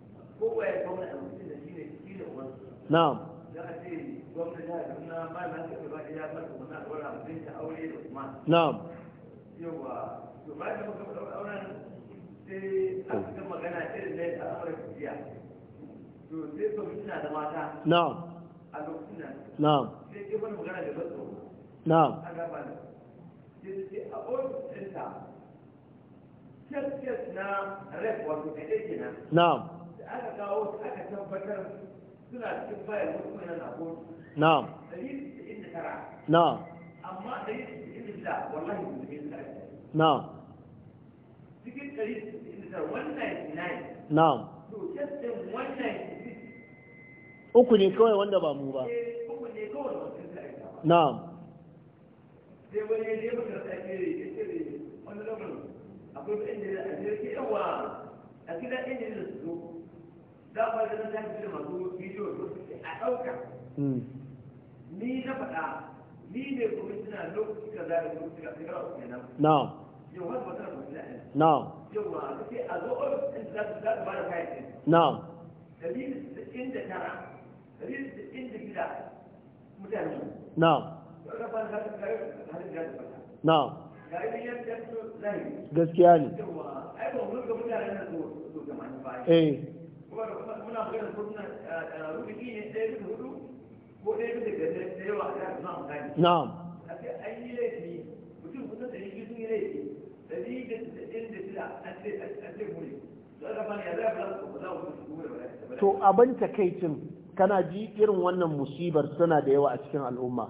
kowa ya kauna a mutum da shi ne shi da uwan na'am za a ce gwamnati da kuma ba na ta ba ya ba ta kuma aure mutum ta aure da kuma na'am yawa to ba da muka daura auren sai a cikin magana irin ne a amurka jiya to sai kwamishina da mata na'am a lokacin nan na'am sai ke wani magana da batsa na'am a gaba da sai a ofis ɗinta na rek wato kaɗai kenan na'am aka kawo su aka tabbatar suna cikin bayan mutum yana na kotu na'am dalilin da inda tara na'am amma dalilin da inda da wallahi mutum yana na'am cikin dalilin da inda tara wannan nine na'am to just din wannan uku ne kawai wanda ba mu ba eh, uku ne kawai wanda na'am sai wani ya je maka da ake ya ce wani lamarin akwai inda ya ke yawa a gida inda ya zo da ba masu bidiyo a ɗauka hmm. ni na faɗa ni ne kuma suna lokaci kaza da lokaci kaza da lokaci kaza na'am yau wani ba tana ba na'am yau ma ka ce a zo ofis ɗin za su za ba da kayan na'am dalilin sittin da tara dalilin sittin da gida mutane na'am na'am gaskiya ne eh muna magana ko suna rubuki ne ɗaya bisa hudu ko ɗaya bisa gaza da yawa a kan imam gani na'am a ce an yi laifi mutum kusan da yi sun yi laifi da ni da ɗin da shida an ce an ce mure to aka fani ya zai fara ko za mu mutu to abin takaicin kana ji irin wannan musibar suna da yawa a cikin al'umma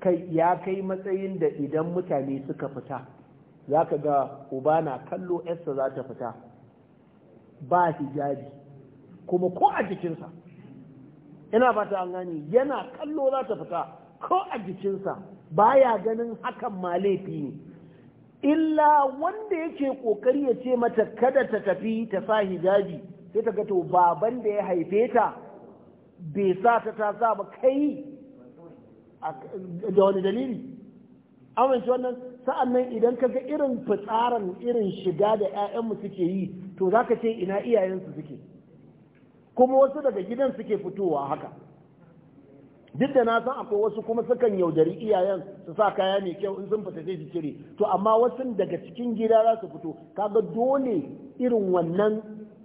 kai ya kai matsayin da idan mutane suka fita za ka ga uba na kallo yarsa za ta fita ba hijabi kuma ko a jikinsa ina ba ta gani yana kallo za ta fita ko a jikinsa baya ganin hakan ma laifi ne illa wanda yake kokari ya ce mata kada ta tafi ta sa hijabi sai ta ga to baban da ya haife ta bai sa ta ta sa ba kai da wani dalili amince wannan nan idan ka ga irin fitsarin irin shiga da 'ya'yanmu suke yi to za ka ce ina iyayensu suke kuma wasu daga gidan suke fitowa haka duk da na san akwai wasu kuma sukan yaudari iyayen su sa kaya mai kyau in sun fita sai su cire to amma wasu daga cikin gida za su fito kaga dole irin wannan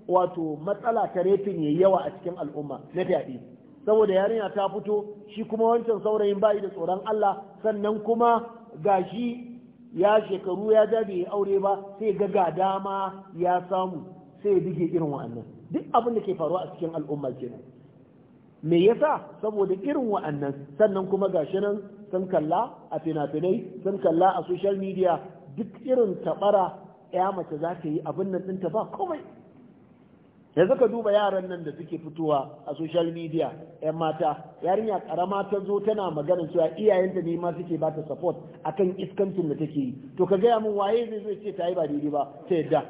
wato matsala ta refin yayi yawa a cikin al'umma na fyaɗe saboda yarinya ta fito shi kuma wancan saurayin bayi da tsoron Allah sannan kuma gashi ya shekaru ya yi aure ba sai ga ga dama ya samu sai ya dige irin wa'annan duk abin da ke faruwa a cikin al'umma kenan me yasa saboda irin wa'annan sannan kuma gashi nan sun kalla a fina-finai sun kalla a social media duk irin tabara ya mace za ta yi abin nan ɗinta ba komai yanzu ka duba yaran nan da suke fitowa a social media 'yan mata yarinya karama ta zo tana magana cewa iyayenta ne ma suke ba ta support akan iskancin da take yi to ka gaya min waye zai zo ce ta yi ba daidai ba ta yadda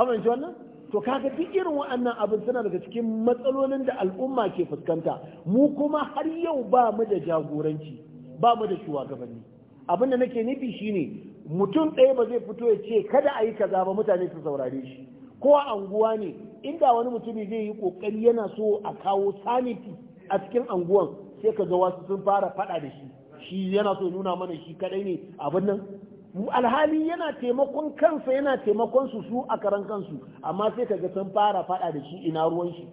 amince wannan to kaga duk irin wa'annan abin suna daga cikin matsalolin da al'umma ke fuskanta mu kuma har yau ba mu da jagoranci ba mu da shugabanni abin da nake nufi shine mutum ɗaya ba zai fito ya ce kada a yi kaza ba mutane su saurare shi ko a anguwa ne inda wani mutumi zai yi kokari yana so a kawo sanity a cikin anguwan sai ka ga wasu sun fara faɗa da shi shi yana so nuna mana shi kadai ne abin nan alhali yana taimakon kansa yana taimakon su su a karan kansu amma sai ka ga san fara fada da shi ina ruwan shi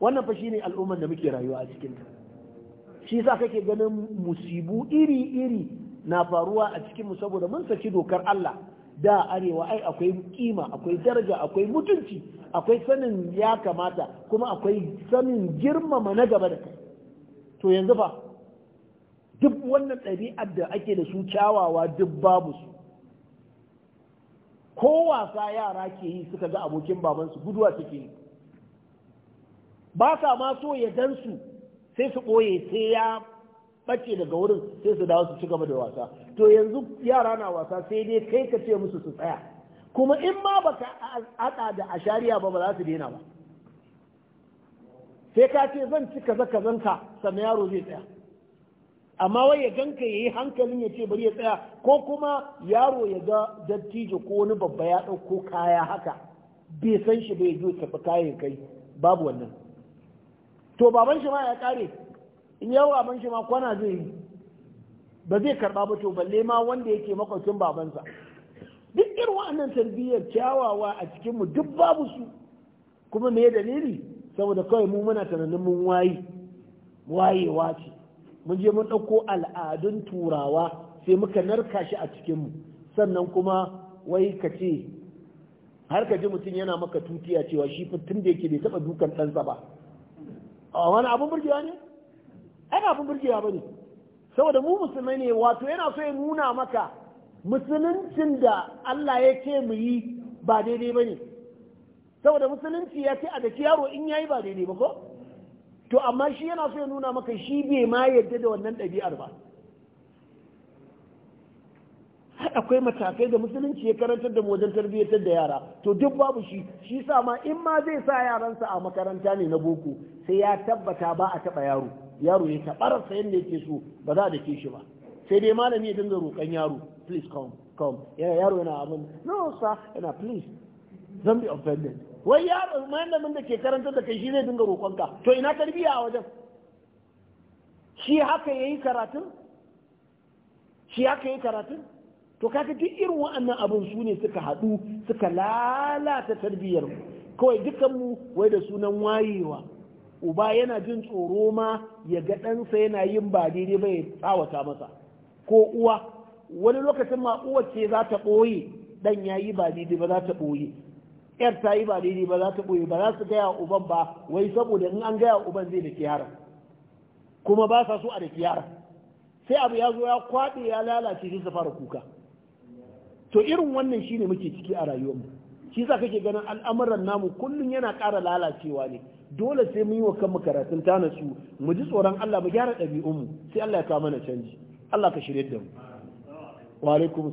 wannan fa shine al'ummar da muke rayuwa a cikin ta shi sa kake ganin musibu iri iri na faruwa a cikin mu saboda mun saki dokar Allah da arewa ai akwai kima akwai daraja akwai mutunci akwai sanin ya kamata kuma akwai sanin girmama na gaba da kai to yanzu fa duk wannan ɗari'ar da ake da su kyawawa duk babu su ko wasa yara ke yi suka ga abokin babansu guduwa suke yi ba sa ma so ya gan su sai su ɓoye sai ya ɓace daga wurin sai su dawo su ci gaba da wasa to yanzu yara na wasa sai dai kai ka ce musu su tsaya kuma in ma baka haɗa da ashariya ba ba za su daina ba sai ka ce zan ci kaza kazanka sannan yaro zai tsaya amma wai ya ganka ya yi hankalin ya ce bari ya tsaya ko kuma yaro ya ga dattijo ko wani babba ya ɗauko kaya haka bai san shi bai zo tafi kayan kai babu wannan to baban shi ma ya kare in yau baban shi ma kwana zai yi ba zai karba ba to balle ma wanda yake makwacin babansa duk irin wannan tarbiyyar kyawawa a cikin mu duk babu su kuma me dalili saboda kawai mu muna tunanin mun wayi wayewa ce mun je mun ɗauko al'adun turawa sai muka narka shi a cikinmu sannan kuma wai ka ce har ka ji mutum yana maka tutiya cewa shi tun da yake bai taɓa dukan ɗansa ba a wani abin burgewa ne ai abin burgewa ba ne saboda mu musulmai ne wato yana so ya nuna maka musuluncin da Allah ya ce mu yi ba daidai ba ne saboda musulunci ya ce a da yaro in yayi ba daidai ba ko to amma shi yana so ya nuna maka shi bai ma yadda da wannan ɗabi'ar ba har akwai matakai da musulunci ya karantar da wajen tarbiyyar da yara to duk babu shi shi sa ma in ma zai sa yaransa a makaranta ne na boko sai ya tabbata ba a taɓa yaro yaro ya taɓararsa yanda yake so ba za a dake shi ba sai dai malami ya dinga roƙon yaro please come come yaro yana abin no sir yana please don't be offended wai yaron malamin da ke karantar da kai shi zai dinga roƙonka to ina tarbiyya a wajen shi haka yayi karatun shi haka yayi karatun to kaga duk irin wa'annan abun su ne suka haɗu suka lalata tarbiyyar mu kawai dukan mu wai da sunan wayewa uba yana jin tsoro ma ya ga ɗansa yana yin ba daidai ba ya tsawata masa ko uwa wani lokacin ma uwa ce za ta ɓoye ɗan ya yi ba daidai ba za ta ɓoye yar ta yi ba daidai ba za ta ɓoye ba za su gaya wa uban ba wai saboda in an gaya wa uban zai da kiyara kuma ba sa so a da kiyara sai abu ya zo ya kwaɗe ya lalace shi su fara kuka to irin wannan shine muke ciki a rayuwar rayuwarmu shi sa kake ganin al'amuran namu kullum yana ƙara lalacewa ne dole sai mun yi wa kanmu karatun tana su mu ji tsoron Allah mu gyara ɗabi'unmu sai Allah ya kawo mana canji Allah ka shirye da mu wa alaikum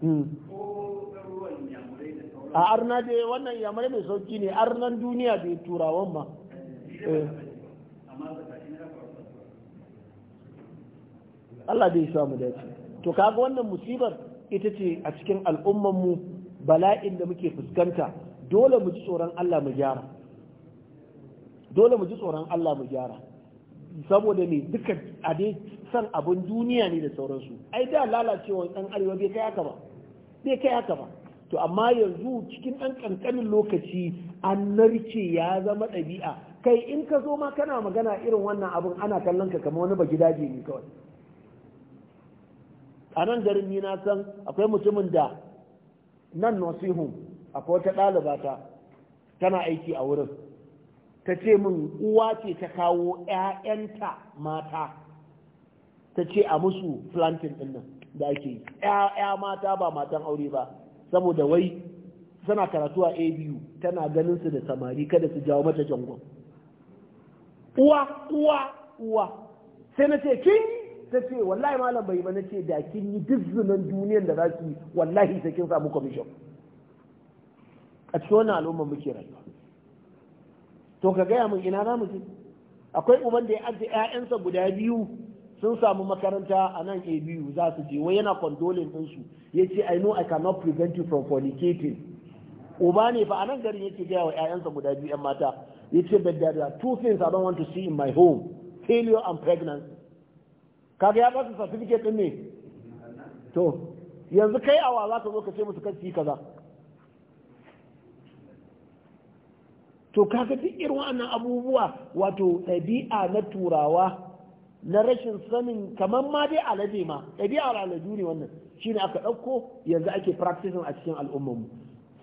Hmm. a arna dai wannan yamare mai sauki ne arnan duniya bai turawan ba eh. Allah bai sa mu dace to kaga wannan musibar ita ce a cikin al'ummanmu bala'in da muke fuskanta dole mu ji tsoron Allah mu gyara dole mu ji tsoron Allah mu gyara saboda ne duka a dai san abun duniya ne da sauransu ai da lalacewa dan arewa bai kai haka ba bai kai haka ba to amma yanzu cikin ɗan ƙanƙanin lokaci an narce ya zama ɗabi'a kai in ka zo ma kana magana irin wannan abin ana kallon ka kamar wani bagidaje ne kawai a nan garin ni na san akwai mutumin da nan nasihu akwai wata ɗaliba ta tana aiki a wurin ta ce min uwa ce ta kawo 'ya'yanta mata ta ce a musu planting din nan da ake yi ya mata ba matan aure ba saboda wai suna karatu a abu tana ganin su da samari kada su jawo mata jangon uwa uwa uwa sai na ce kin ta ce wallahi malam bai ba na ce da kin yi duk zunan duniyar da za yi. wallahi sai kin samu commission a cikin wannan al'umma muke rayuwa to ka gaya min ina za mu je akwai uban da ya ajiye 'ya'yansa guda biyu sun samu makaranta a nan abu za su je wai yana condolin ɗinsu ya ce i know i cannot prevent you from fornicating uba ne fa a nan garin yake gaya wa 'ya'yansa guda biyu 'yan mata ya ce but there are two things i don't want to see in my home failure and pregnancy kaga ya ba su certificate ɗin ne to yanzu kai awa za ka zo ka ce musu kasi kaza to kaga duk irin wannan abubuwa wato ɗabi'a na turawa na rashin sanin kamar ma dai alade ma ɗabi'ar aladu ne wannan shi ne aka ɗauko yanzu ake practicing a cikin al'ummarmu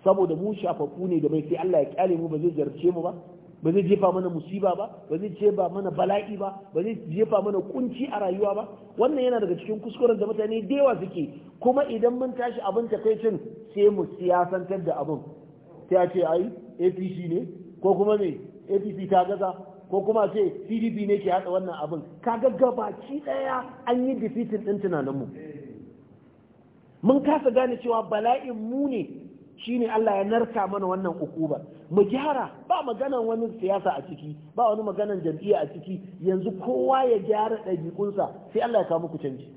saboda mu shafaffu ne da mai sai Allah ya kyale mu ba zai zarce mu ba ba zai jefa mana musiba ba ba zai jefa mana bala'i ba ba zai jefa mana kunci a rayuwa ba wannan yana daga cikin kuskuren da mutane da yawa suke kuma idan mun tashi abin takaicin sai mu siyasantar da abin sai a ce ai APC ne ko kuma me APC ta gaza ko kuma ce pdp ne ke hada wannan abin kaga gabaki daya an yi defeating din tunaninmu mun kasa gane cewa bala'in mu ne shine Allah ya narka mana wannan ukuba mu gyara ba maganan wani siyasa a ciki ba wani maganan jam'iyya a ciki yanzu kowa ya gyara ɗabi'unsa sai Allah ya kawo muku canji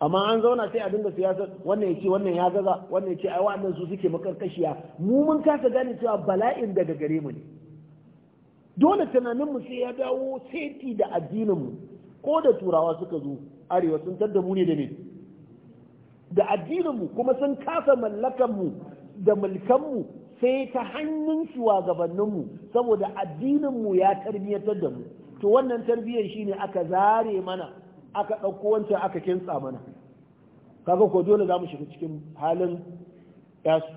amma an zauna sai a dinga siyasa wannan ya wannan ya gaza wannan ya ai wa'annan su suke makarkashiya mu mun kasa gane cewa bala'in daga gare mu ne dole tunaninmu sai ya dawo seti da addininmu ko da turawa suka zo arewa sun tadda mu ne da ne da addininmu kuma sun kasa mallakanmu da mulkanmu sai ta hannun shugabanninmu saboda addininmu ya tarbiyyatar da mu to wannan tarbiyyar shine aka zare mana aka ɗauko wancan aka kinsa mana kaga ko dole za mu shiga cikin halin yasu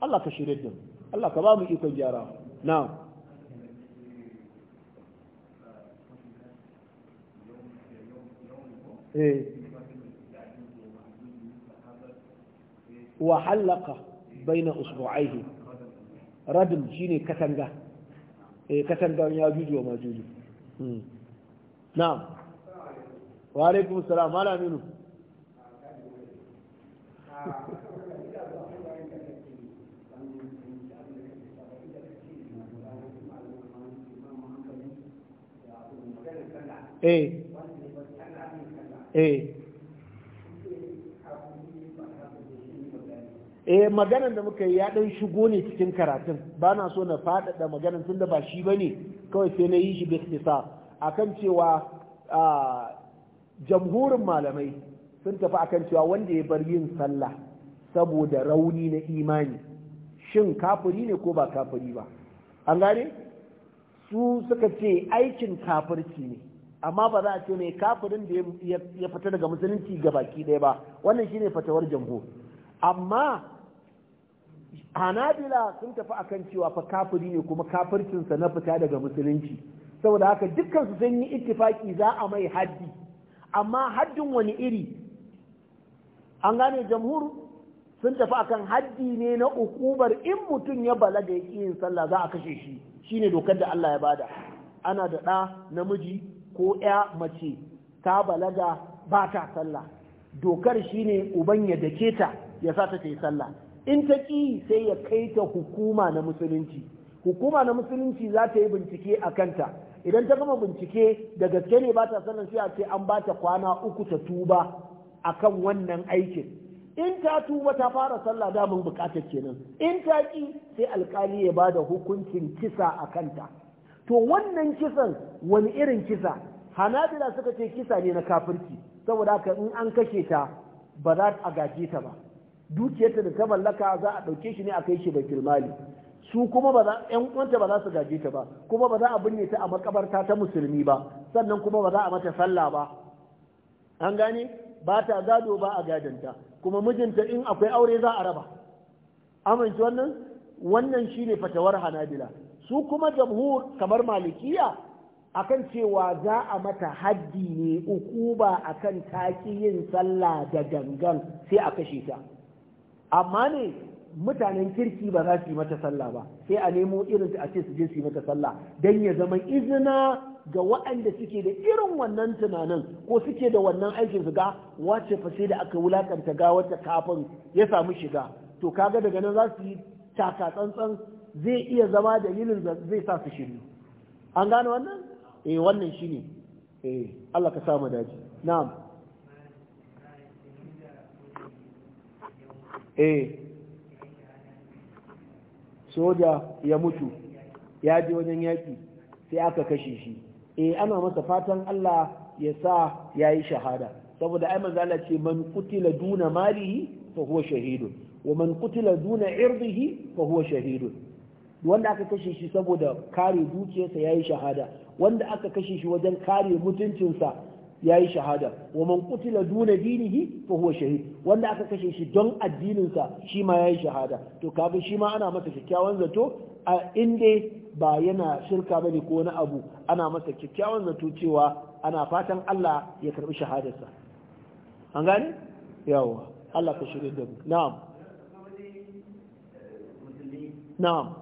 Allah ka shirya da mu Allah ka ba mu ikon gyara na'am Eh. wa halaka baina usbu'aihi radin shine katanga eh katanga ya juju wa majuju hmm. na'am wa alaikum salam minu eh eh eh maganan da muka yi ya ɗan shigo ne cikin karatun ba na so na faɗaɗa maganan tun da ba shi ba ne kawai sai na yi shi bisa akan cewa jamhurin malamai sun tafi akan cewa wanda ya bar yin sallah saboda rauni na imani shin kafiri ne ko ba kafiri ba an gane su suka ce aikin kafirci ne amma ba za a ce mai kafirin da ya fita daga musulunci ga baki ɗaya ba wannan shine fatawar jamhur amma hanabila sun tafi akan cewa fa kafiri ne kuma kafircinsa na fita daga musulunci saboda haka dukkan su sun yi ittifaki za a mai haddi amma haddin wani iri an gane jamhur sun tafi akan haddi ne na ukubar in mutum ya balaga ya yin sallah za a kashe shi shine dokar da Allah ya bada ana da ɗa namiji ko ya mace ta balaga ba ta sallah dokar shine uban ya dake ta ya sa ta yi sallah in ta ki sai ya kai ta hukuma na musulunci hukuma na musulunci za ta yi bincike a kanta idan ta gama bincike da gaske ne ba ta sallah sai a ce an ba ta kwana uku ta tuba akan wannan aikin in ta tuba ta fara sallah damun bukatar kenan in ta ki sai alkali ya ba da hukuncin kisa a kanta to wannan kisan wani irin kisa hanabila suka ce kisa ne na kafirci saboda haka in an kashe ta ba za a gaje ta ba dukiyarta da ta mallaka za a ɗauke shi ne a kai shi baitul mali su kuma ba za ƴan uwanta ba za su gaje ta ba kuma ba za a binne ta a makabarta ta musulmi ba sannan kuma ba za a mata sallah ba an gane ba ta gado ba a gadanta kuma mijinta in akwai aure za a raba amince wannan wannan shine fatawar hanabila su kuma jamhur kamar malikiya akan cewa za a mata haddi ne uku ba akan taki yin sallah da gangan sai a kashe ta amma ne mutanen kirki ba za su yi mata sallah ba sai a nemo irin a ce su je su yi mata sallah don ya zama izina ga waɗanda suke da irin wannan tunanin ko suke da wannan aikin su ga wace fa sai da aka wulakanta ga wata kafin ya samu shiga to kaga daga nan za su yi taka tsantsan zai iya zama dalilin da zai sa su shiru. an gane wannan eh wannan shi ne. eh Allah ka samu daji. daji na'am eh soja ya mutu ya ji wajen yaki sai aka kashe shi eh ana masa fatan Allah ya sa ya yi shahada saboda ai manzo ce man kutila duna malihi fa huwa shahidun wa man kutila duna irdihi fa huwa shahidun wanda aka kashe shi saboda kare dukiyarsa ya yi shahada wanda aka kashe shi wajen kare mutuncinsa ya yi shahada wa man kutila duna dinihi fa huwa shahid wanda aka kashe shi don addininsa shi ma ya yi shahada to kafin shi ma ana masa kyakkyawan zato a inda ba yana shirka bane ko wani abu ana masa kyakkyawan zato cewa ana fatan Allah ya karbi shahadarsa an gane yawa Allah ka shirye da mu na'am eh, na'am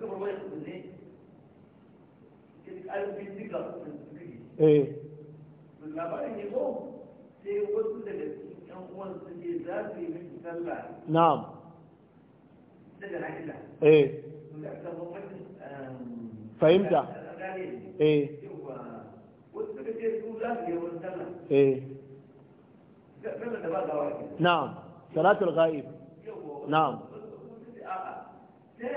ثم ركب ايه قالوا في ايه يعني نعم ايه فهمت آه، ايه ايه نعم ثلاثه الغائب نعم ta ne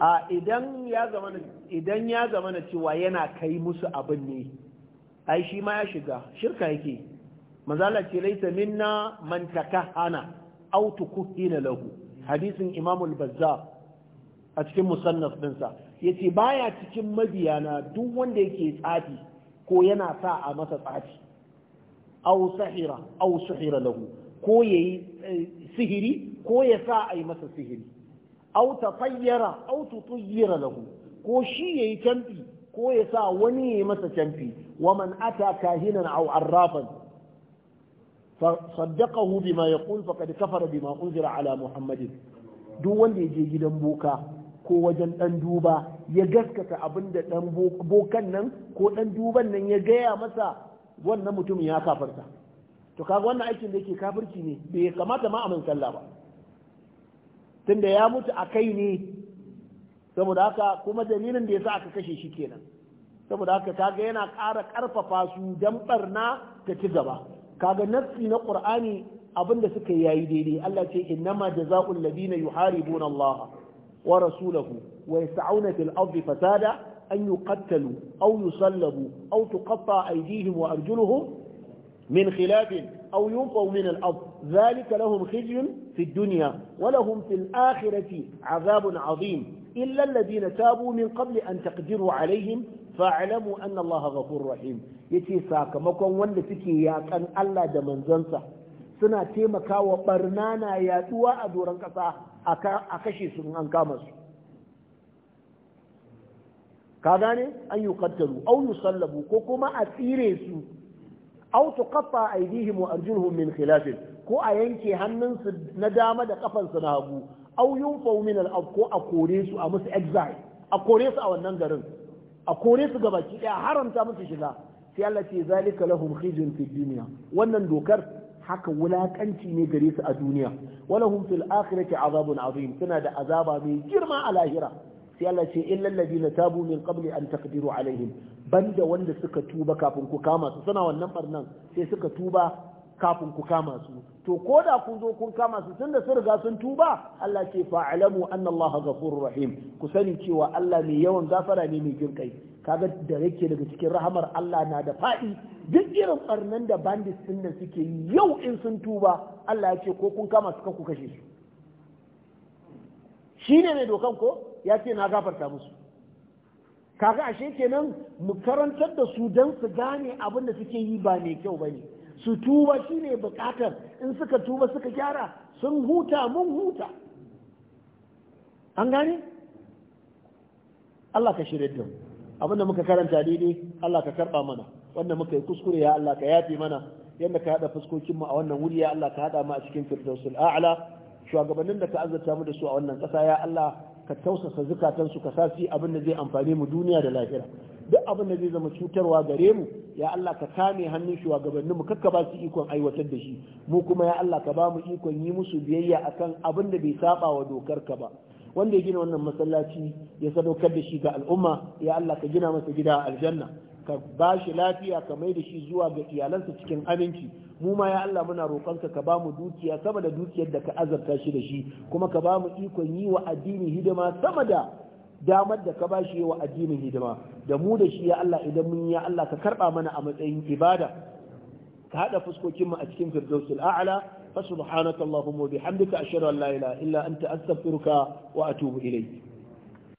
a idan ya zama idan cewa yana kai musu abin ne ai shi ma ya shiga shirka yake mazala ce laita minna man takahana aw tukuhina lahu hadisin imamul bazzar a cikin musannaf dinsa yace baya cikin mabiyana duk wanda yake tsafi ko yana sa a masa tsafi aw sahira aw sahira lahu ko yayi eh, sihiri ko ya sa a masa sihiri aw tatayyara aw tutayyira lahu ko shi yayi canfi ko ya sa wani yayi masa canfi wa man ata kahinan aw arrafan صدقه بما يقول فقد كفر بما أنزل على محمد duk wanda ya je gidan boka ko wajen ɗan duba ya gaskata abin da ɗan bokan nan ko ɗan duban nan ya gaya masa wannan mutumin ya kafarta to kaga wannan aikin da yake kafirci ne bai kamata ma a man sallah ba tunda ya mutu a kai ne saboda haka kuma dalilin da ya sa aka kashe shi kenan saboda haka kaga yana ƙara ƙarfafa su dan barna ta ci gaba kaga nassi na qur'ani abinda suka yayi daidai Allah ce innama jazaa'ul ladina yuharibuna Allah wa rasulahu wa yas'auna fil ardi fasada an yuqattalu aw yusallabu aw tuqatta aydihim wa arjuluhum min khilafin أو ينفوا من الأرض ذلك لهم خزي في الدنيا ولهم في الآخرة عذاب عظيم إلا الذين تابوا من قبل أن تقدروا عليهم فاعلموا أن الله غفور رحيم يتي ساكمكم وان تكي ياكن ألا دمن زنسه suna taimakawa barna na yaduwa a doron ƙasa a kashe su an kama su ka gane an yi kattaru au sallabu. ko kuma a tsire su au tuqatta aydihim wa arjuluhum min khilaf ko a yanke hannunsu na dama da kafansu na hagu au yunfau min al ko a kore su a musu exile a kore su a wannan garin a kore su gabaki daya haramta musu shiga sai Allah ce zalika lahum khizyun fid dunya wannan dokar haka wulakanci ne gare su a duniya walahum fil akhirati azabun azim suna da azaba mai girma a lahira sai Allah ce illal ladina tabu min qabli an taqdiru alaihim banda wanda suka tuba kafin ku kama su suna wannan barnan sai suka tuba kafin ku kama su to ko da kun zo kun kama su tunda sun riga sun tuba Allah ce fa'alamu anna Allah ghafurur rahim ku sani cewa Allah mai yawan gafara ne mai jinkai kaga da yake daga cikin rahamar Allah na da faɗi duk irin barnan da bandits din da suke yau in sun tuba Allah ya ce ko kun kama su ku kashe su shine mai dokan ko ya ce na gafarta musu kaga ashe kenan mu karantar da su dan su gane abin da suke yi ba mai kyau bane su tuba shi ne bukatar in suka tuba suka gyara sun huta mun huta an gane Allah ka shirya da abinda muka karanta daidai Allah ka karba mana wanda muka yi kuskure ya Allah ka yafe mana yadda ka haɗa fuskokinmu a wannan wuri ya Allah ka hada mu a cikin firdausul a'la shugabannin da ka azurta mu da su a wannan kasa ya Allah ka tausasa zukatansu ka sasi abinda da zai amfani mu duniya da lahira duk abin da zai zama cutarwa gare mu ya Allah ka kame hannun shugabannin mu kakka ba su ikon aiwatar da shi mu kuma ya Allah ka ba mu ikon yi musu biyayya akan abin da bai saba wa dokar ka ba wanda ya gina wannan masallaci ya sadaukar da shi ga al'umma ya Allah ka gina masa gida aljanna ka ba shi lafiya ka mai da shi zuwa ga iyalansa cikin aminci mu ma ya Allah muna roƙonka ka ba mu dukiya sama da dukiyar da ka azabta shi da shi kuma ka ba mu ikon yi wa addini hidima sama da damar da ka bashi wa addinin hidima da mu da shi ya Allah idan mun ya Allah ka karba mana a matsayin ibada ka hada fuskokin mu a cikin firdausul a'la fa subhanakallahumma wa bihamdika ashhadu an la ilaha illa anta astaghfiruka wa atubu ilayk